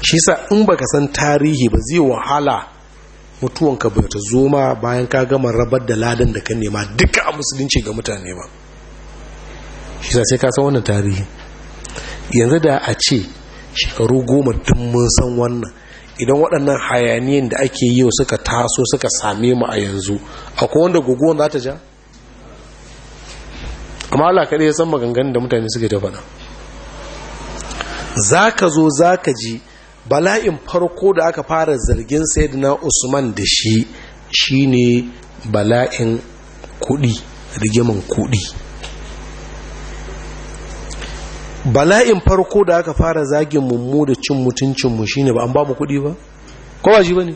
shi sa in baka san tarihi ba zai wahala mutuwanka ba ta zo ma bayan ka gama rabar da ladan da ka nema duka a musulunci ga mutane ba shi sa sai ka san wannan tarihi yanzu da a ce shekaru goma tun mun san wannan idan waɗannan hayaniyan da ake yi suka taso suka same mu a yanzu akwai wanda guguwan za ta ja amma Allah kaɗai ya san maganganun da mutane suke ta faɗa za ka zo za ka ji bala'in farko da aka fara zargin na usman da shi shine bala'in kuɗi rigimin kuɗi bala'in farko da aka fara zagin mummu da cin mutuncinmu shi ne ba an ba mu kuɗi ba kowa shi ba ne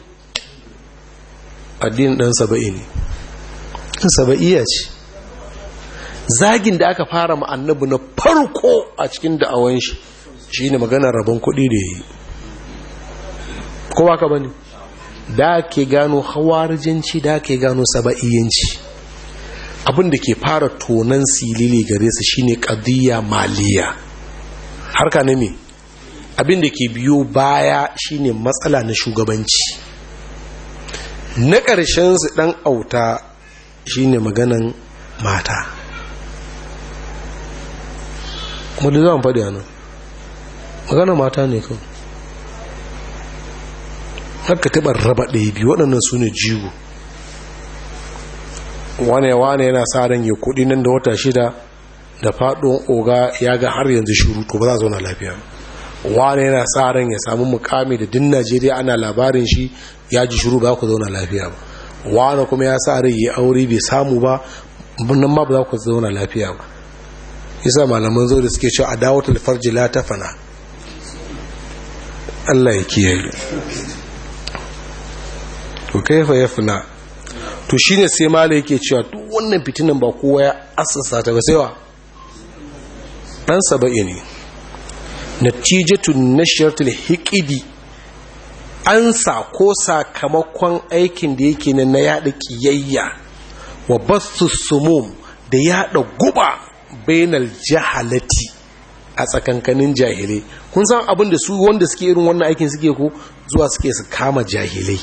addinin ɗan saba'i ne ɗan saba'iya ce zagin da aka fara annabi na farko a cikin da'awan shi shi ne maganar rabon kuɗi da ya yi kowa ka ba ne da ke gano hawarjanci da ke gano saba'iyanci abin da ke fara tonan silili gare su shine kadiyya Maliyya. harka na me abin da ke biyo baya shine matsala na shugabanci na ƙarshen su ɗan auta shine maganan mata kuma da zan faɗi nan maganan mata ne kan haka taɓa raba ɗaya biyu waɗannan su ne jigo wane-wane yana sa ran ya kuɗi nan da wata shida da faɗin oga ya ga har yanzu shuru to ba za zauna lafiya wane yana tsarin ya samu mukami da din najeriya ana labarin shi ya ji shuru ba ku zauna lafiya ba wane kuma ya sa rai ya aure bai samu ba nan ma ba za ku zauna lafiya ba yasa malaman zo da suke cewa a dawo talfarji la ta fana allah ya kiyaye to kai fa ya fina to shine sai malai yake cewa duk wannan fitinan ba kowa ya asasa ta ba sai wa ɗan saba'i ne natijatun nashiratul hikidi ansa ko sakamakon aikin da yake na yada ƙiyayya wa basu sumum da yada guba bainal jahalati a tsakankanin jahilai kun san abin da su wanda suke irin wannan aikin suke ko zuwa suke su kama jahilai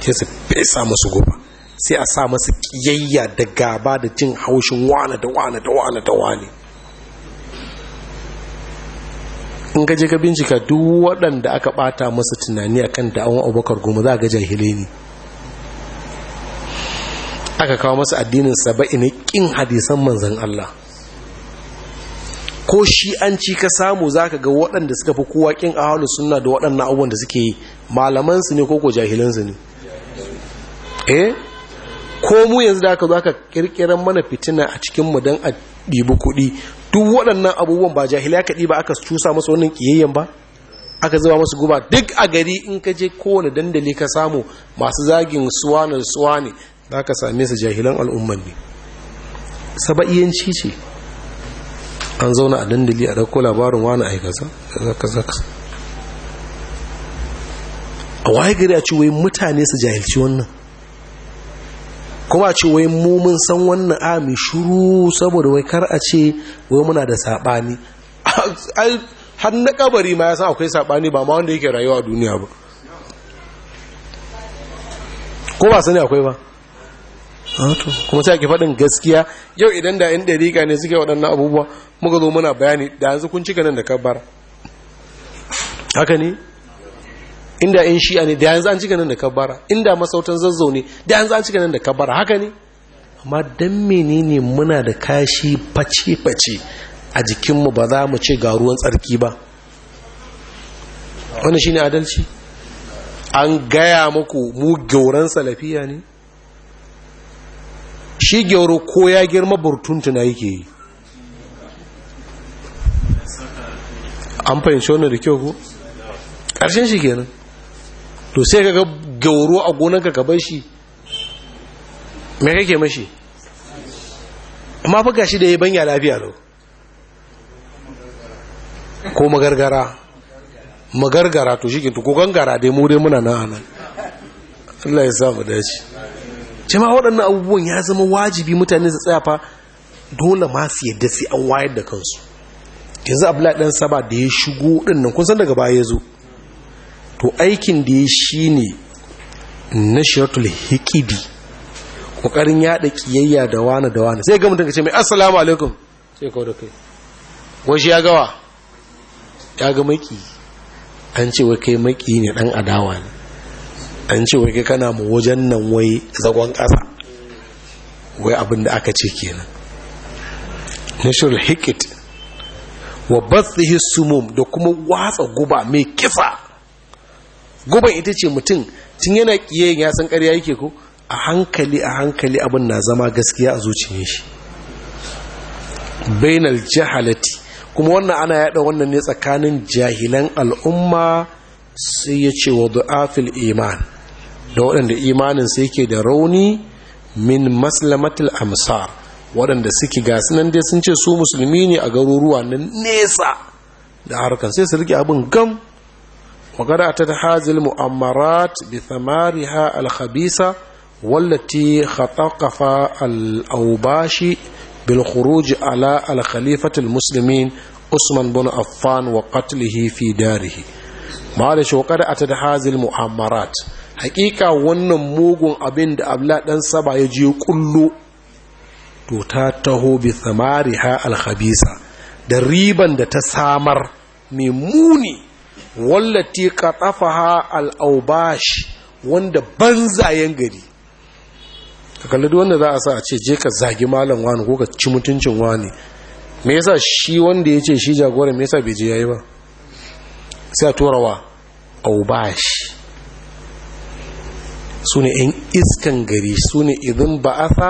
ke su fesa masu guba sai a sa masu ƙiyayya da gaba da jin haushin wane da wane da wane da wane in gaje ka bincika duk waɗanda aka ɓata masa tunani a kan da'awon abubakar goma za a ga jahilai ne aka kawo masa addinin saba'i ne ƙin hadisan manzan Allah ko shi an ci ka samu za ka ga waɗanda suka fi kowa ƙin ahalus suna da waɗannan abubuwan da suke yi malamansu ne ko ko jahilansu ne eh ko mu yanzu da aka zo aka mana fitina a cikinmu don a ɗibi kuɗi duk waɗannan abubuwan ba jahiliya kaɗi ba aka cusa masu wannan ƙiyayyen ba aka zuba masu guba duk a gari in ka je kowane dandali ka samu masu zagin suwanin Suwani. za ka same su jahilan al'umman ne saba'iyanci ce an zauna a dandali a ɗauko labarin wani aikasa a waye gari a ci wai mutane su jahilci wannan Ko ba ce wai mu mun san wannan a ah, mai shuru saboda wai kar a ce wai muna da saɓani har na kabari ma ya san akwai saɓani ba ma wanda yake rayuwa duniya ba ko ba sani akwai ba ah, kuma sai ake faɗin gaskiya yau idan da 'yan ɗariƙa ne suke waɗannan abubuwa muka zo muna bayani da yanzu kun cika nan da kabar haka ne inda in shi ne da yanzu an cika nan da kabara inda masautan zazzau ne da yanzu an cika nan da kabara haka ne amma don menene muna da kashi face-face a jikinmu ba za mu ce ga ruwan tsarki ba shi ne adalci an gaya muku mu gyauran salafiya ne shi gyauro ko ya girma burtuntuna yake yi an fahimci wani da kyau ko ƙarshen shi kenan to sai ka ga gauro a gonanka ka bar shi me kake mashi amma fa gashi da ya banya lafiya lo ko magargara magargara to shi kintu ko gangara dai mu dai muna nan anan Allah ya sa mu dace jama'a waɗannan abubuwan ya zama wajibi mutane su tsaya fa dole ma su yadda sai an wayar da kansu yanzu abdullahi dan saba da ya shigo din nan kun san daga baya ya zo to aikin da ya shi ne na nashiratul hikidi ƙoƙarin yaɗa ƙiyayya da wani da wani sai ga mutum ka mai assalamu alaikum sai kawo da kai wasu ya gawa ya ga maki an ce wai kai maki ne ɗan adawa ne an ce wai kai kana mu wajen nan wai zagon ƙasa wai abin da aka ce kenan nashiratul hikid wa batsihi sumum da kuma watsa guba mai kisa guban ita ce mutum tun yana kiyayen ya san ƙarya yake ko a hankali a hankali abin na zama gaskiya a zuciyar shi bainal jahalati kuma wannan ana yada wannan ne tsakanin jahilan al'umma sai ya ce wa du'afil iman da waɗanda imanin sai yake da rauni min maslamatul amsar waɗanda suke ga sunan dai sun ce su musulmi ne a garuruwa na nesa da harkar sai su rike abin gam magana ta ta hazil mu'amarat bi thamariha al-khabisa wallati khataqafa al-awbashi bil khuruj ala al-khalifati al-muslimin Usman bin Affan wa qatlihi fi darihi ma da shokar hazil mu'amarat hakika wannan mugun abin da abla dan saba ya je kullu to ta taho bi thamariha al-khabisa da riban da ta samar mai muni wallati qatafaha al-aubash wanda banzayen gari ka kalli wanda za a sa a ce je ka zagi malam wani ko ka ci mutuncin wani me yasa shi wanda ya ce shi jagora me yasa bai je yi ba sai a wa aubash su ne ‘yan iskan gari su ne idan ba a sa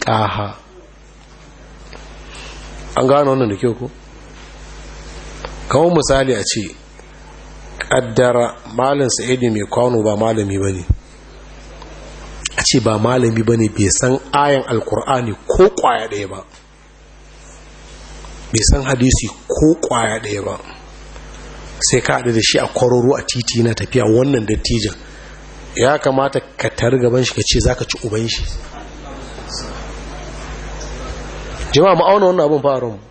kaha. an gano wannan da kyau ko? kawo misali a ce ƙaddara malin sa'idu mai kwano ba malami ba ne a ce ba malami ba ne bai san ayan alkur'ani ko kwaya ɗaya ba bai san hadisi ko kwaya ɗaya ba sai ka haɗu da shi a kwararo a titi na tafiya wannan dattijan ya kamata ka tar gaban shi ka ce za ka ci uban shi jama'a ma'auna wannan abin mu.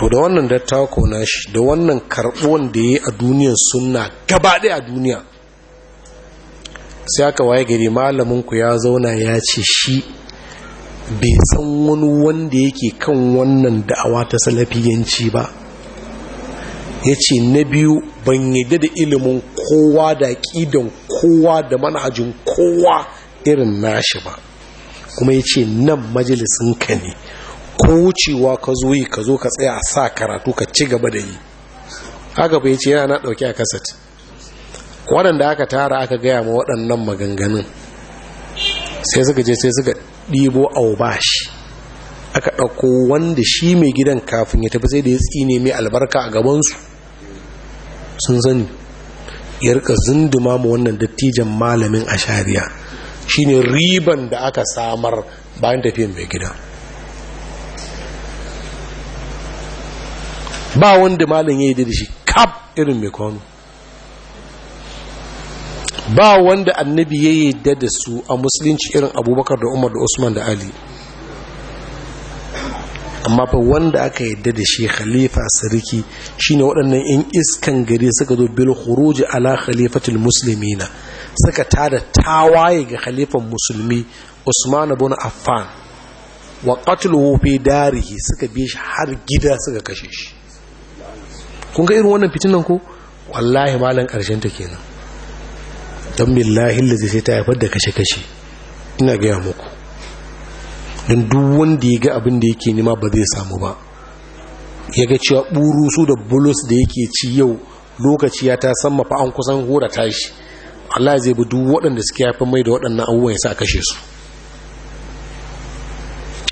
to da wannan dattako na shi da wannan karbuwan da ya a duniyar sunna gaba ɗaya a duniya sai aka waye gari malaminku ya zauna ya ce shi bai san wani wanda yake kan wannan da'awa ta salafiyanci ba ya ce na biyu ban yadda da ilimin kowa da ƙidan kowa da manhajin kowa irin nashi ba kuma ya ce nan majalisinka ne ko wucewa ka zo yi ka zo ka tsaya a sa karatu ka ci gaba da yi haka bai ce yana ɗauki a kasat waɗanda aka tara aka gaya ma waɗannan maganganun sai suka je sai suka ɗibo aubashi aka ɗauko wanda shi mai gidan kafin ya tafi sai da ya tsine mai albarka a gabansu sun sani ya rika zunduma ma wannan dattijan malamin a shari'a shine riban da aka samar bayan tafiyan mai gidan ba wanda malin ya yi da shi kab irin mai kwano ba wanda annabi ya yi da su a musulunci irin abubakar da umar da usman da ali amma fa wanda aka yadda da shi khalifa sarki shine waɗannan yan iskan gari suka zo bil khuruji ala khalifatul muslimina suka tada tawaye ga khalifan musulmi Usman ibn Affan wa qatluhu fi darihi suka bi shi har gida suka kashe shi kun ga irin wannan fitinan ko wallahi malan karshen ta kenan dan billahi lazi sai ta haifar da kashe kashe ina gaya muku dan duk wanda ya ga abin da yake nima ba zai samu ba ya ga cewa su da bulus da yake ci yau lokaci ya ta san mafa an kusan hora tashi Allah zai bi duk waɗanda suke haifar mai da waɗannan abubuwan ya sa kashe su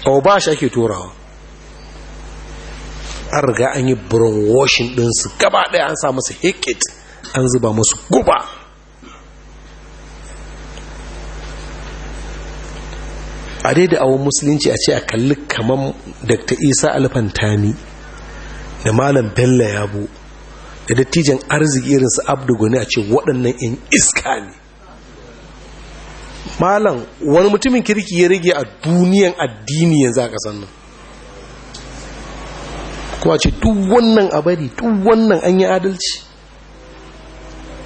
abu ba shi ake turawa an riga an yi brainwashing su gaba ɗaya an sa musu hikit an zuba musu guba a dai da awon musulunci a ce a kalli kamar dr isa alfantani da malam bello yabo da dattijan arziki irinsu abdugoni a ce waɗannan 'yan iska ne malam wani mutumin kirki ya rage a duniyan addini yanzu a ƙasar nan kuma ce duk wannan a bari duk wannan an yi adalci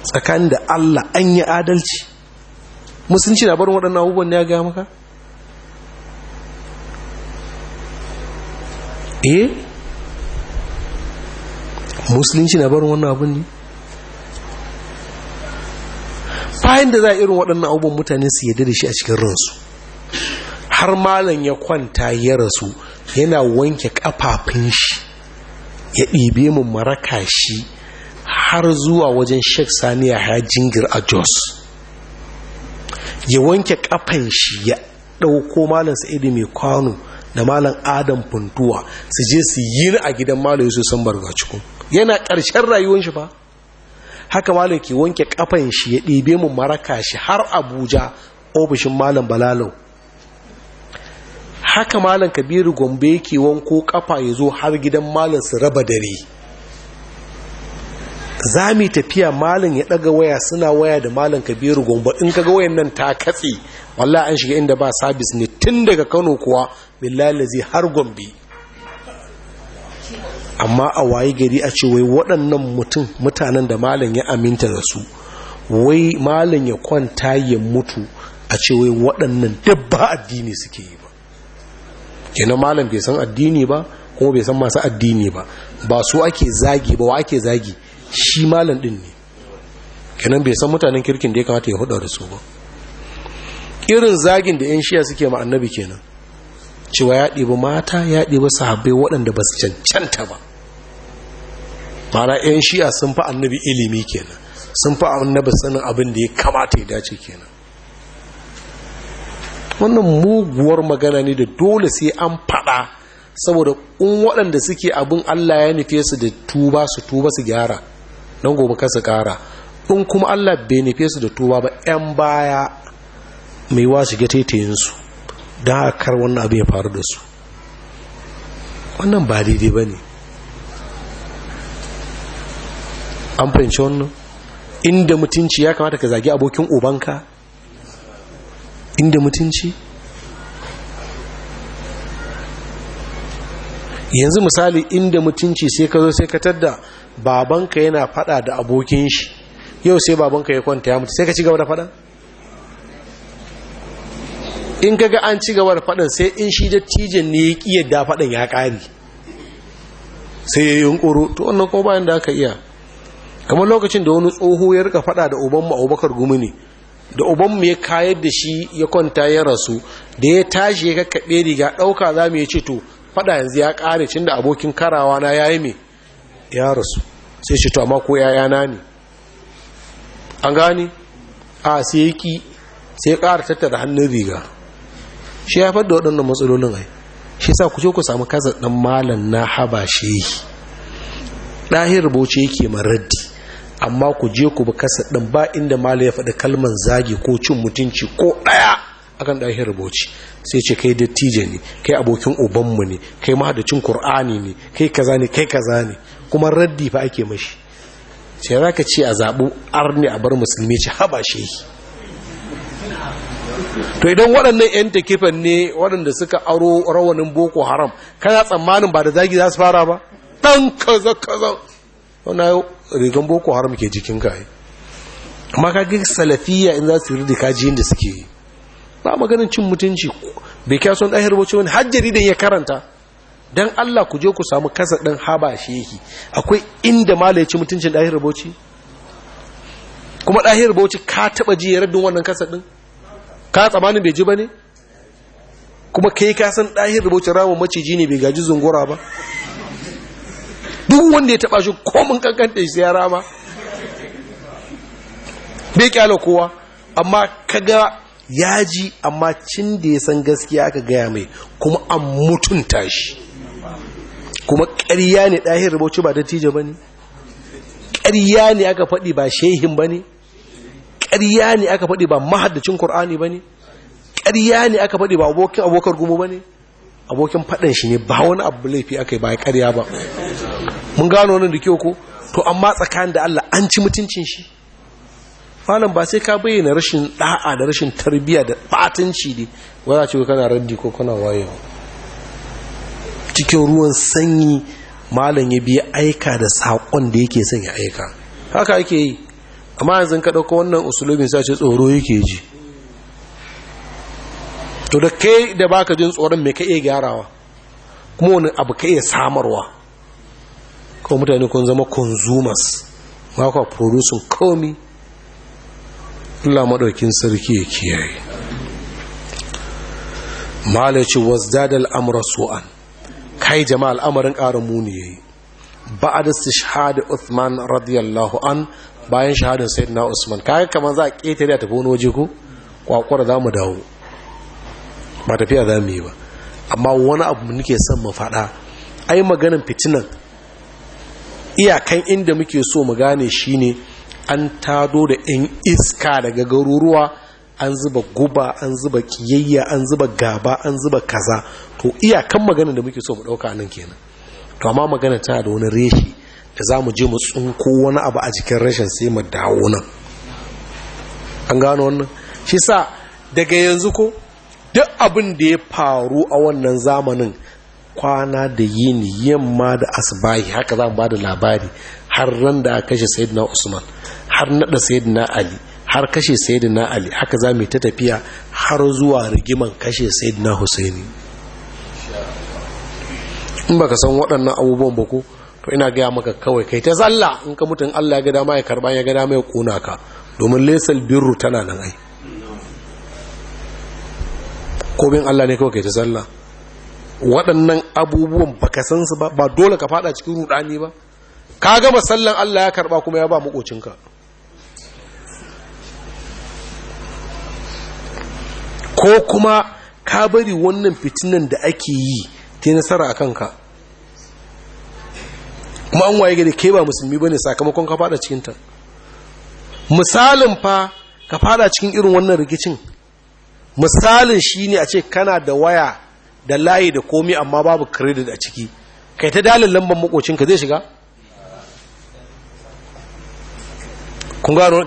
tsakanin da Allah an yi adalci musulunci na barin waɗannan abubuwan ne ya ga maka eh musulunci na barin wannan abun ne fahim da za a irin waɗannan abubuwan mutane su yadda da shi a cikin ransu har malam ya kwanta ya rasu yana wanke ƙafafun shi ya ɗibe mu maraka shi har zuwa wajen sheikh Saniya ya jingir a jos ya wanke kafan shi ya ɗauko malam sa'idu mai kwano da malam adam funtuwa su je su yi a gidan malam yusuf san cikin yana ƙarshen rayuwar shi ba haka malam ke wanke kafan shi ya ɗibe mu maraka shi har abuja ofishin malam balalau haka malam kabiru gombe yake wanko kafa ya zo har gidan malam su raba dare za mu tafiya malam ya daga waya suna waya da malam kabiru gombe in kaga wayan nan ta katse walla an shiga inda ba sabis ne tun daga kano kuwa billahi har gombe amma a wayi gari a ce wai waɗannan mutum mutanen da malam ya aminta da su wai malam ya kwanta ya mutu a ce wai waɗannan dabba addini suke yi kenan malam bai san addini ba kuma bai san masu addini ba ba su ake zagi ba wa ake zagi shi malam din ne kenan bai san mutanen kirkin da ya kamata ya hudu da su ba irin zagin da 'yan shiya suke ma annabi kenan cewa ya ɗiba mata ya ɗiba sahabbai waɗanda ba su cancanta ba mana 'yan shiya sun fi annabi ilimi kenan sun fi annabi sanin abin da ya kamata ya dace kenan wannan muguwar magana ne da dole sai an faɗa saboda in waɗanda suke abin Allah ya nufe su da tuba su tuba su gyara don gobe ka su in kuma Allah bai nufe su da tuba ba 'yan baya mai wa shiga taitayinsu don kar wannan abin ya faru da su wannan ba daidai ba ne an fahimci wannan inda mutunci ya kamata ka zagi abokin Obanka. inda mutunci yanzu misali inda mutunci sai ka zo sai ka tadda babanka yana fada da abokin shi yau sai babanka ya kwanta ya mutu sai ka ci gaba da fada in kaga an ci gaba da fadan sai in shi dattijan ne ya kiyar da fadan ya kare sai ya yi yunkuru to wannan ko bayan da aka iya kamar lokacin da wani tsoho ya rika fada da Obanmu Abubakar Gumi ne da ubanmu ya kayar da shi ya kwanta ya rasu da ya tashi ya kakkaɓe riga ɗauka za mu ya ce to faɗa yanzu ya ƙare cin da abokin karawa na ya yi mai ya rasu sai shi to amma ko yayana ne an gani a sai ya ƙi sai ya ƙara tattara hannun riga shi ya faɗa waɗannan matsalolin ai shi sa ku ce ku samu kasa ɗan malam na haba shehi ɗahir bauchi yake maraddi amma ku je ku bi kasa ɗin ba inda mala ya faɗi kalman zagi ko cin mutunci ko ɗaya akan ɗakin rubuci sai ce kai dattijo ne kai abokin ubanmu ne kai mahadacin kur'ani ne kai kaza ne kai kaza ne kuma raddi fa ake mashi sai za ka ce a zaɓu arni a bar musulmi ce haba shehi to idan waɗannan 'yan takifan ne waɗanda suka aro rawanin boko haram kana tsammanin ba da zagi za su fara ba ɗan kaza kaza rigan boko haram ke jikin ka amma ka ga salafiya in za su yi da kaji da suke yi ba maganin cin mutunci bai kya son ɗahir wacce wani hajjari da ya karanta don allah ku je ku samu kasa ɗin haba shehi akwai inda mala ya ci mutuncin ɗahir bauchi kuma ɗahir bauchi ka taɓa ji ya raddin wannan kasa ɗin ka tsamanin bai ji ba ne kuma kai ka san ɗahir bauchi ramun maciji ne bai gaji zungura ba duk wanda ya taba shi komin kankanta shi ya rama bai kyala kowa amma kaga yaji amma cin da ya san gaskiya aka gaya mai kuma an mutunta shi kuma ƙarya ne ɗahin rubuci ba dattijo ba ne ƙarya ne aka faɗi ba shehin ba ne ƙarya ne aka faɗi ba mahaddacin ƙur'ani ba ne ƙarya ne aka faɗi ba abokin abokar gumo ba ne abokin faɗin shi ne ba wani abu laifi aka yi ba ƙarya ba mun gano wani da kyau ko to amma tsakanin da Allah an ci mutuncin shi malam ba sai ka bayyana rashin da'a da rashin tarbiya da batanci ne ba za ce kana raddi ko kana waye cikin ruwan sanyi malam ya biya aika da sakon da yake son ya aika haka ake yi amma yanzu ka wannan usulobin sa ce tsoro yake ji to da kai da baka jin tsoron mai ka iya gyarawa kuma wani abu ka iya samarwa ko mutane kun zama consumers ba kwa producing komi Allah madaukin sarki ya kiyaye malaci wazdada amra su'an kai jama'a al'amarin ƙarin muni ya yi ba shahada uthman radiyallahu an bayan shahadar sayyidina usman kai kamar za a ƙetare tafi wani waje ko kwakwara za mu dawo ba tafiya za mu yi ba amma wani abu nake son mu faɗa ai maganin fitinan iyakan inda muke so mu gane shi ne an tado da 'yan iska daga garuruwa an zuba guba an zuba kiyayya an zuba gaba an zuba kaza to iyakan magana da muke so mu ɗauka nan kenan to amma magana tana da wani reshi da za mu je mu tsunko wani abu a jikin rashin sai mu dawo nan an gano wannan shi sa daga yanzu ko duk abin da ya faru a wannan zamanin kwana da yini yamma da asbahi haka za mu ba da labari har ran da kashe sayyidina usman har nada sayyidina ali har kashe sayyidina ali haka za mu ta tafiya har zuwa rigiman kashe sayyidina husaini in baka san waɗannan abubuwan ba ko to ina gaya maka kawai kai ta zalla in ka mutum Allah ya ga dama ya karba ya ga dama ya kona ka domin lesal birru tana nan ai ko bin Allah ne kawai kai ta zalla waɗannan abubuwan baka san su ba ba dole ka fada cikin rudani ba ka gama sallan Allah ya karba kuma ya ba makocinka ko kuma ka bari wannan fitinan da ake yi ta nasara a kanka kuma an waye gari ke ba musulmi ba ne sakamakon ka fada cikin misalin fa ka fada cikin irin wannan rikicin misalin shi ne a ce kana da waya da layi da komi amma babu credit a ciki kai ta dalin lambar makocinka zai shiga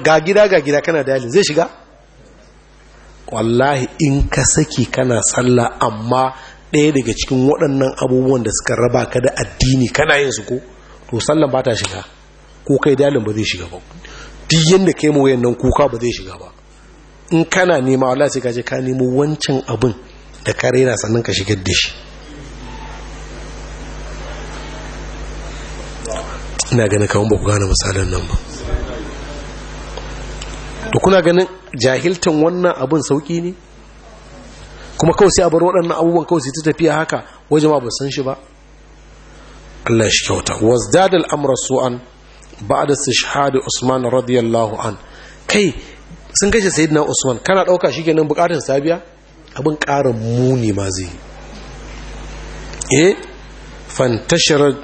ga gida ga gida kana dalin zai shiga wallahi in ka saki kana sallah amma ɗaya daga cikin waɗannan abubuwan da suka raba ka da addini kana yin su ko to sallan ba ta shiga ko kai dalin ba zai shiga ba duk yadda kai mawayan nan kuka ba zai shiga ba in kana nema wallahi sai ka je ka nemo wancan abin da ka yana sannan ka shigar da shi ina ganin kawon ba ku gane misalin nan ba da kuna ganin jahiltan wannan abin sauki ne kuma kawai sai a bar waɗannan abubuwan kawai sai ta tafiya haka wajen ma ba san shi ba Allah shi kyauta wazdadal amra su'an su shahada Usman radiyallahu an kai sun kashe sayyidina Usman kana ɗauka shi kenan bukatun sabiya abin ƙarin muni ma zai yi. e fantashar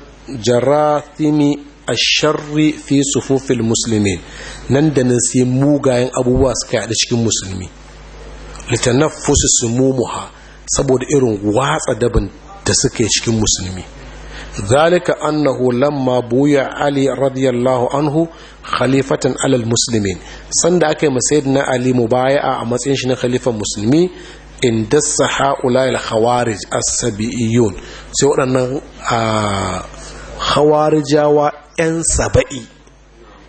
jarathimi a sharri fi sufufil musulmi nan da nan sai mugayen abubuwa suka yaɗa cikin musulmi su mumuha saboda irin watsa dabin da suke cikin musulmi zalika annahu lamma buya ali radiyallahu anhu khalifatan alal muslimin sanda aka yi na ali mubaya'a a matsayin shi na khalifan musulmi in dasa ha'ulai khawarij as-sabi'iyun sai waɗannan khawarijawa 'yan saba'i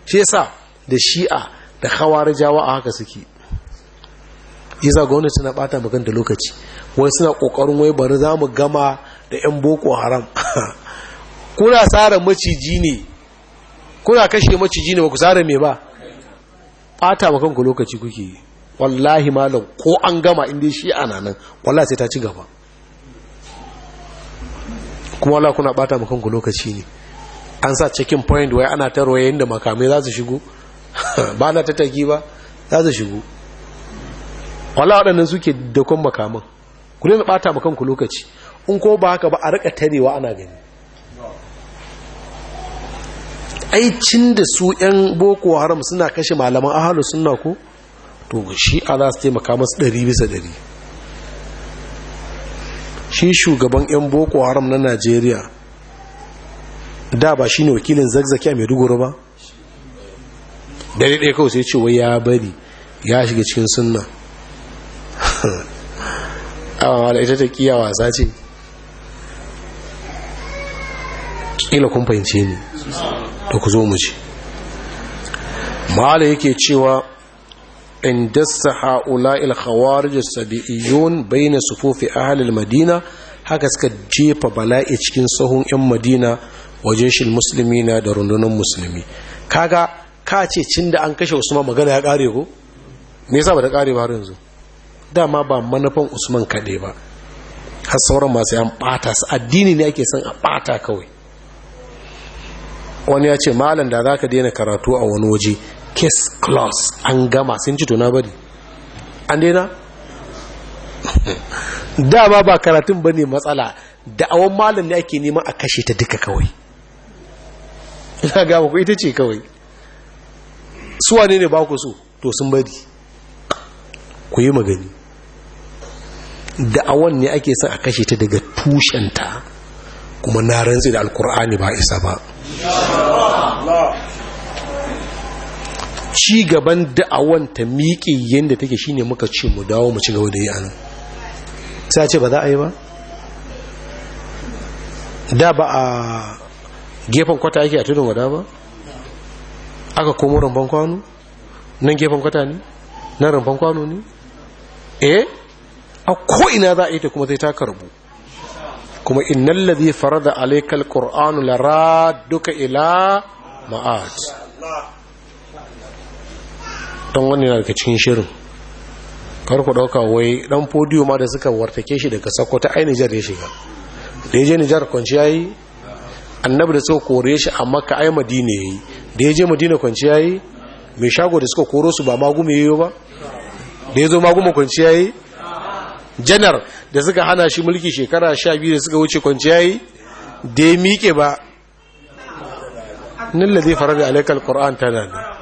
shi yasa da shi'a da khawarijawa a haka suke yasa gwamnati suna bata magan da lokaci wai suna kokarin wai bari za mu gama da 'yan boko haram kuna tsara maciji ne kuna kashe maciji ne ba ku tsara mai ba bata magan lokaci kuke yi wallahi malam ko an gama inda shi ana nan wallahi sai ta ci gaba kuma wallahi kuna bata maka ku lokaci ne an sa cikin point wai ana ta royayin da makamai za su shigo ba na ta taki ba za su shigo wallahi waɗannan suke dakon makaman ku ne bata maka ku lokaci in ko ba haka ba a rika tarewa ana gani aicin da su 'yan boko haram suna kashe malaman ahalu suna ku? to a za su taimaka masu ɗari bisa ɗari shi shugaban 'yan boko haram na najeriya da ba shi ne wakilin zagzaki a maiduguri ba daidai kawai sai cewa ya bari ya shiga cikin sunna awa da ita ta kiya wasa ce ƙila kun fahimce ne da ku zo mu ce ma'ala yake cewa in dassa ha'ula bai sabi'iyun bayna a halin madina haka suka jefa bala'i cikin sahun yan madina waje shi na da rundunar musulmi kaga ka ce cin da an kashe usman magana ya kare ko me yasa ba ta kare ba har yanzu dama ba manufan usman kaɗai ba har sauran masu yan ɓata su addini ne ake son a ɓata kawai wani ya ce malam da za ka daina karatu a wani waje case class an gama sun ci tuna bari an daina dama ba karatun ba ne matsala da'awan malam ne ake nema a kashe ta duka kawai ina gama ku ita ce kawai suwa ne ne ba ku so to sun bari ku yi magani da'awan ne ake son a kashe ta daga tushenta kuma na rantsi da alkur'ani ba isa ba ci gaban da'awan ta miƙe yadda take shine muka ce mu dawo mu ci gaba da yi nan. sai ce ba za a yi ba da ba a gefen kwata yake a tudun wada ba aka komo rumban kwano nan gefen kwata ne nan rumban kwano ne eh a ko'ina za a yi ta kuma zai taka rubu. kuma innan lazi da alaikal ƙor'anu lara duka ila ma'ad don wani na daga cikin shirin karku ɗauka wai dan podium ma da suka wartake shi daga sako ta ai nijar ya shiga da ya je nijar kwanci ya yi annabi da suka kore shi a maka ai madina ya yi da ya je madina kwanci ya yi mai shago da suka koro su ba magume ya yi ba da ya zo magume kwanci ya yi janar da suka hana shi mulki shekara sha biyu da suka wuce kwanci ya yi da ya miƙe ba nan da zai faru da alaikar ƙor'an tana nan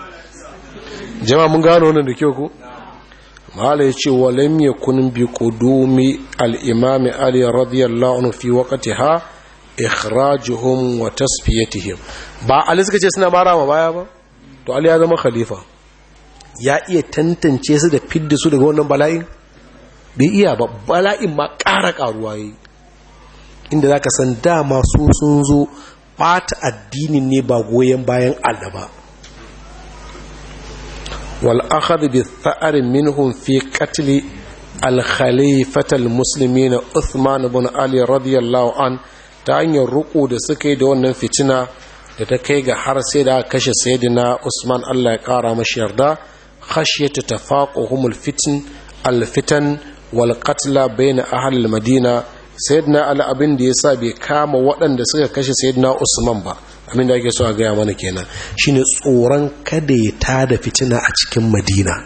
jama mun gano wannan da kyau ku mala yace ce yakun bi qudumi al-imam ali radiyallahu anhu fi waqtiha ikhrajuhum wa tasfiyatihim ba ali suka ce suna mara ma baya ba to ali ya zama khalifa ya iya tantance su da fidda su daga wannan bala'in bai iya ba bala'in ma ƙara ƙaruwa yi inda za ka san dama su sun zo ɓata addinin ne ba goyon bayan allah ba wal akhadh bi tha'ar minhum fi qatl al khalifat al muslimin Uthman ibn Ali radiyallahu ta hanyar ruku da suka yi da wannan fitina da ta kai ga har sai da kashe sayyidina Usman Allah ya ƙara mashi yarda khashyatu tafaquhum al fitin al fitan wal qatla bayna ahli al madina sayyidina Ali abin da yasa bai kama waɗanda suka kashe sayyidina Usman ba abin da ake so a gaya mana kenan shine tsoron kada ya da fitina a cikin madina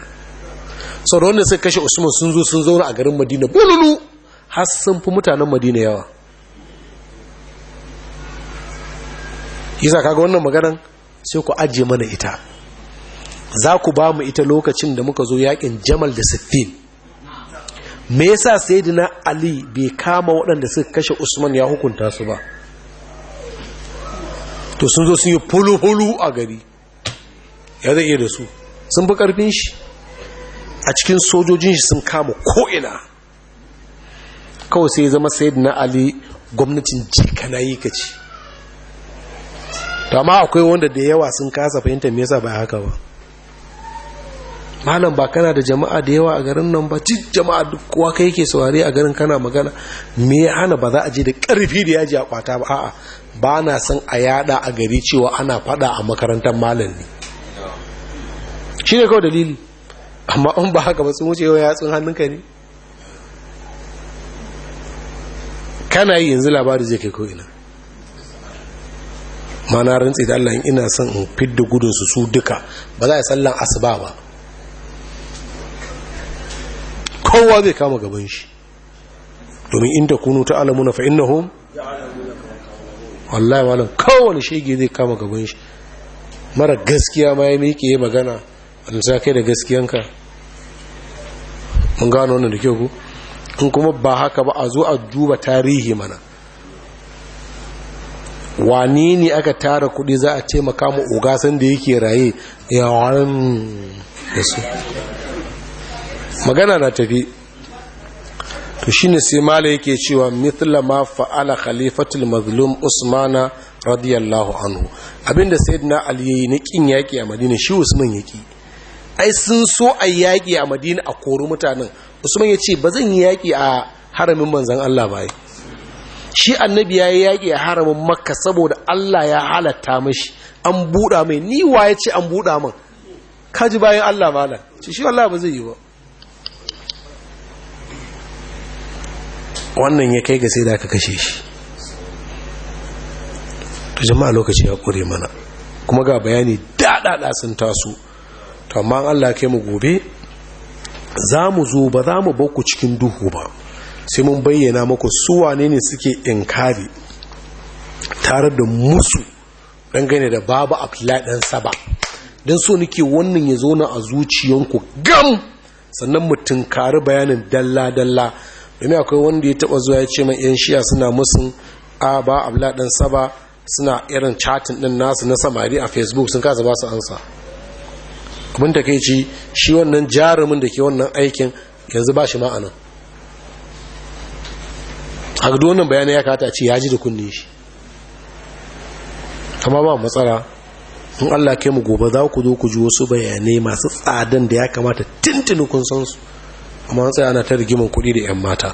sau da wanda suka kashe usman sun zo sun zaura a garin madina bululu har sun fi mutanen madina yawa isa kaga wannan maganan sai ku ajiye mana ita za ku ba mu ita lokacin da muka zo yakin jamal da siffin me yasa sayyidina ali bai kama waɗanda suka kashe usman ya hukunta su ba to sun zo sun yi fulu-fulu a gari ya zai iya da su sun bi ƙarfin shi a cikin sojojin shi sun kama ko'ina kawai sai zama sayid na ali gwamnatin jikana yi ka ce amma akwai wanda da yawa sun kasa fahimta me yasa ba haka ba malam ba kana da jama'a da yawa a garin nan ba cik jama'a duk kowa kai yake saurari a garin kana magana me ya hana ba za a je da karfi da yaji a kwata ba a'a ba na san a yada a gari cewa ana fada a makarantar malam ne shi ne kawai dalili amma an ba haka ba wuce yawan yatsun hannunka ne kana yi yanzu labari zai kai ko'ina ma na rantsi da allah ina son in fidda gudunsu su duka ba za a yi sallan asuba ba kowa zai kama gaban shi domin inda kunu ta alamuna fa'in na home wallahi wannan kowane shege zai kama gaban shi mara gaskiya ma ya miƙe ya magana alisa kai da gaskiyanka mun gano wannan da kyau ku in kuma ba haka ba a zo a duba tarihi mana wani ne aka tara kudi za a ce makamu ogasan da yake raye yawon da su magana na tafi to shine sai mala yake cewa mithla ma fa'ala khalifatul mazlum usmana radiyallahu anhu abinda sayyidina ali yayi na kin yaki a madina shi usman yaki ai sun so a yaki a madina a koru mutanen usman ya ce ba zan yi yaki a haramin manzan Allah ba shi annabi ya yi yaki a haramin makka saboda Allah ya halatta mashi an buɗa mai ni wa ce an buɗa man kaji bayan Allah malam shi shi ba zai yi ba wannan ya kai ga sai da aka kashe shi to jama'a lokaci ya kure mana kuma ga bayani daɗaɗa sun taso to amma Allah kai mu gobe za mu zo ba za mu bakku cikin duhu ba sai mun bayyana muku su wane ne suke inkari tare da musu dangane da babu abdullahi dan saba don so nake wannan ya zo na a zuciyanku gam sannan mu tunkari bayanin dalla-dalla domin akwai wanda ya taba zuwa ya ce mai yan shiya suna musu a ba abla dan saba suna irin chatin din nasu na samari a facebook sun kasa ba su ansa abin da kai ci shi wannan jarumin da ke wannan aikin yanzu ba shi ma'anan a duk wannan bayanai ya kata ce ya ji da kunne shi kama ba matsala in Allah kai mu gobe za ku zo ku ji wasu bayanai masu tsadan da ya kamata tuntuni kun san su amma an ana ta rigimin kuɗi da 'yan mata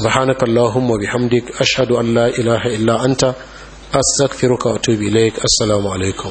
subhanaka allahumma bihamdik ashhadu an la ilaha illa anta astaghfiruka wa atubu ilaik assalamu alaikum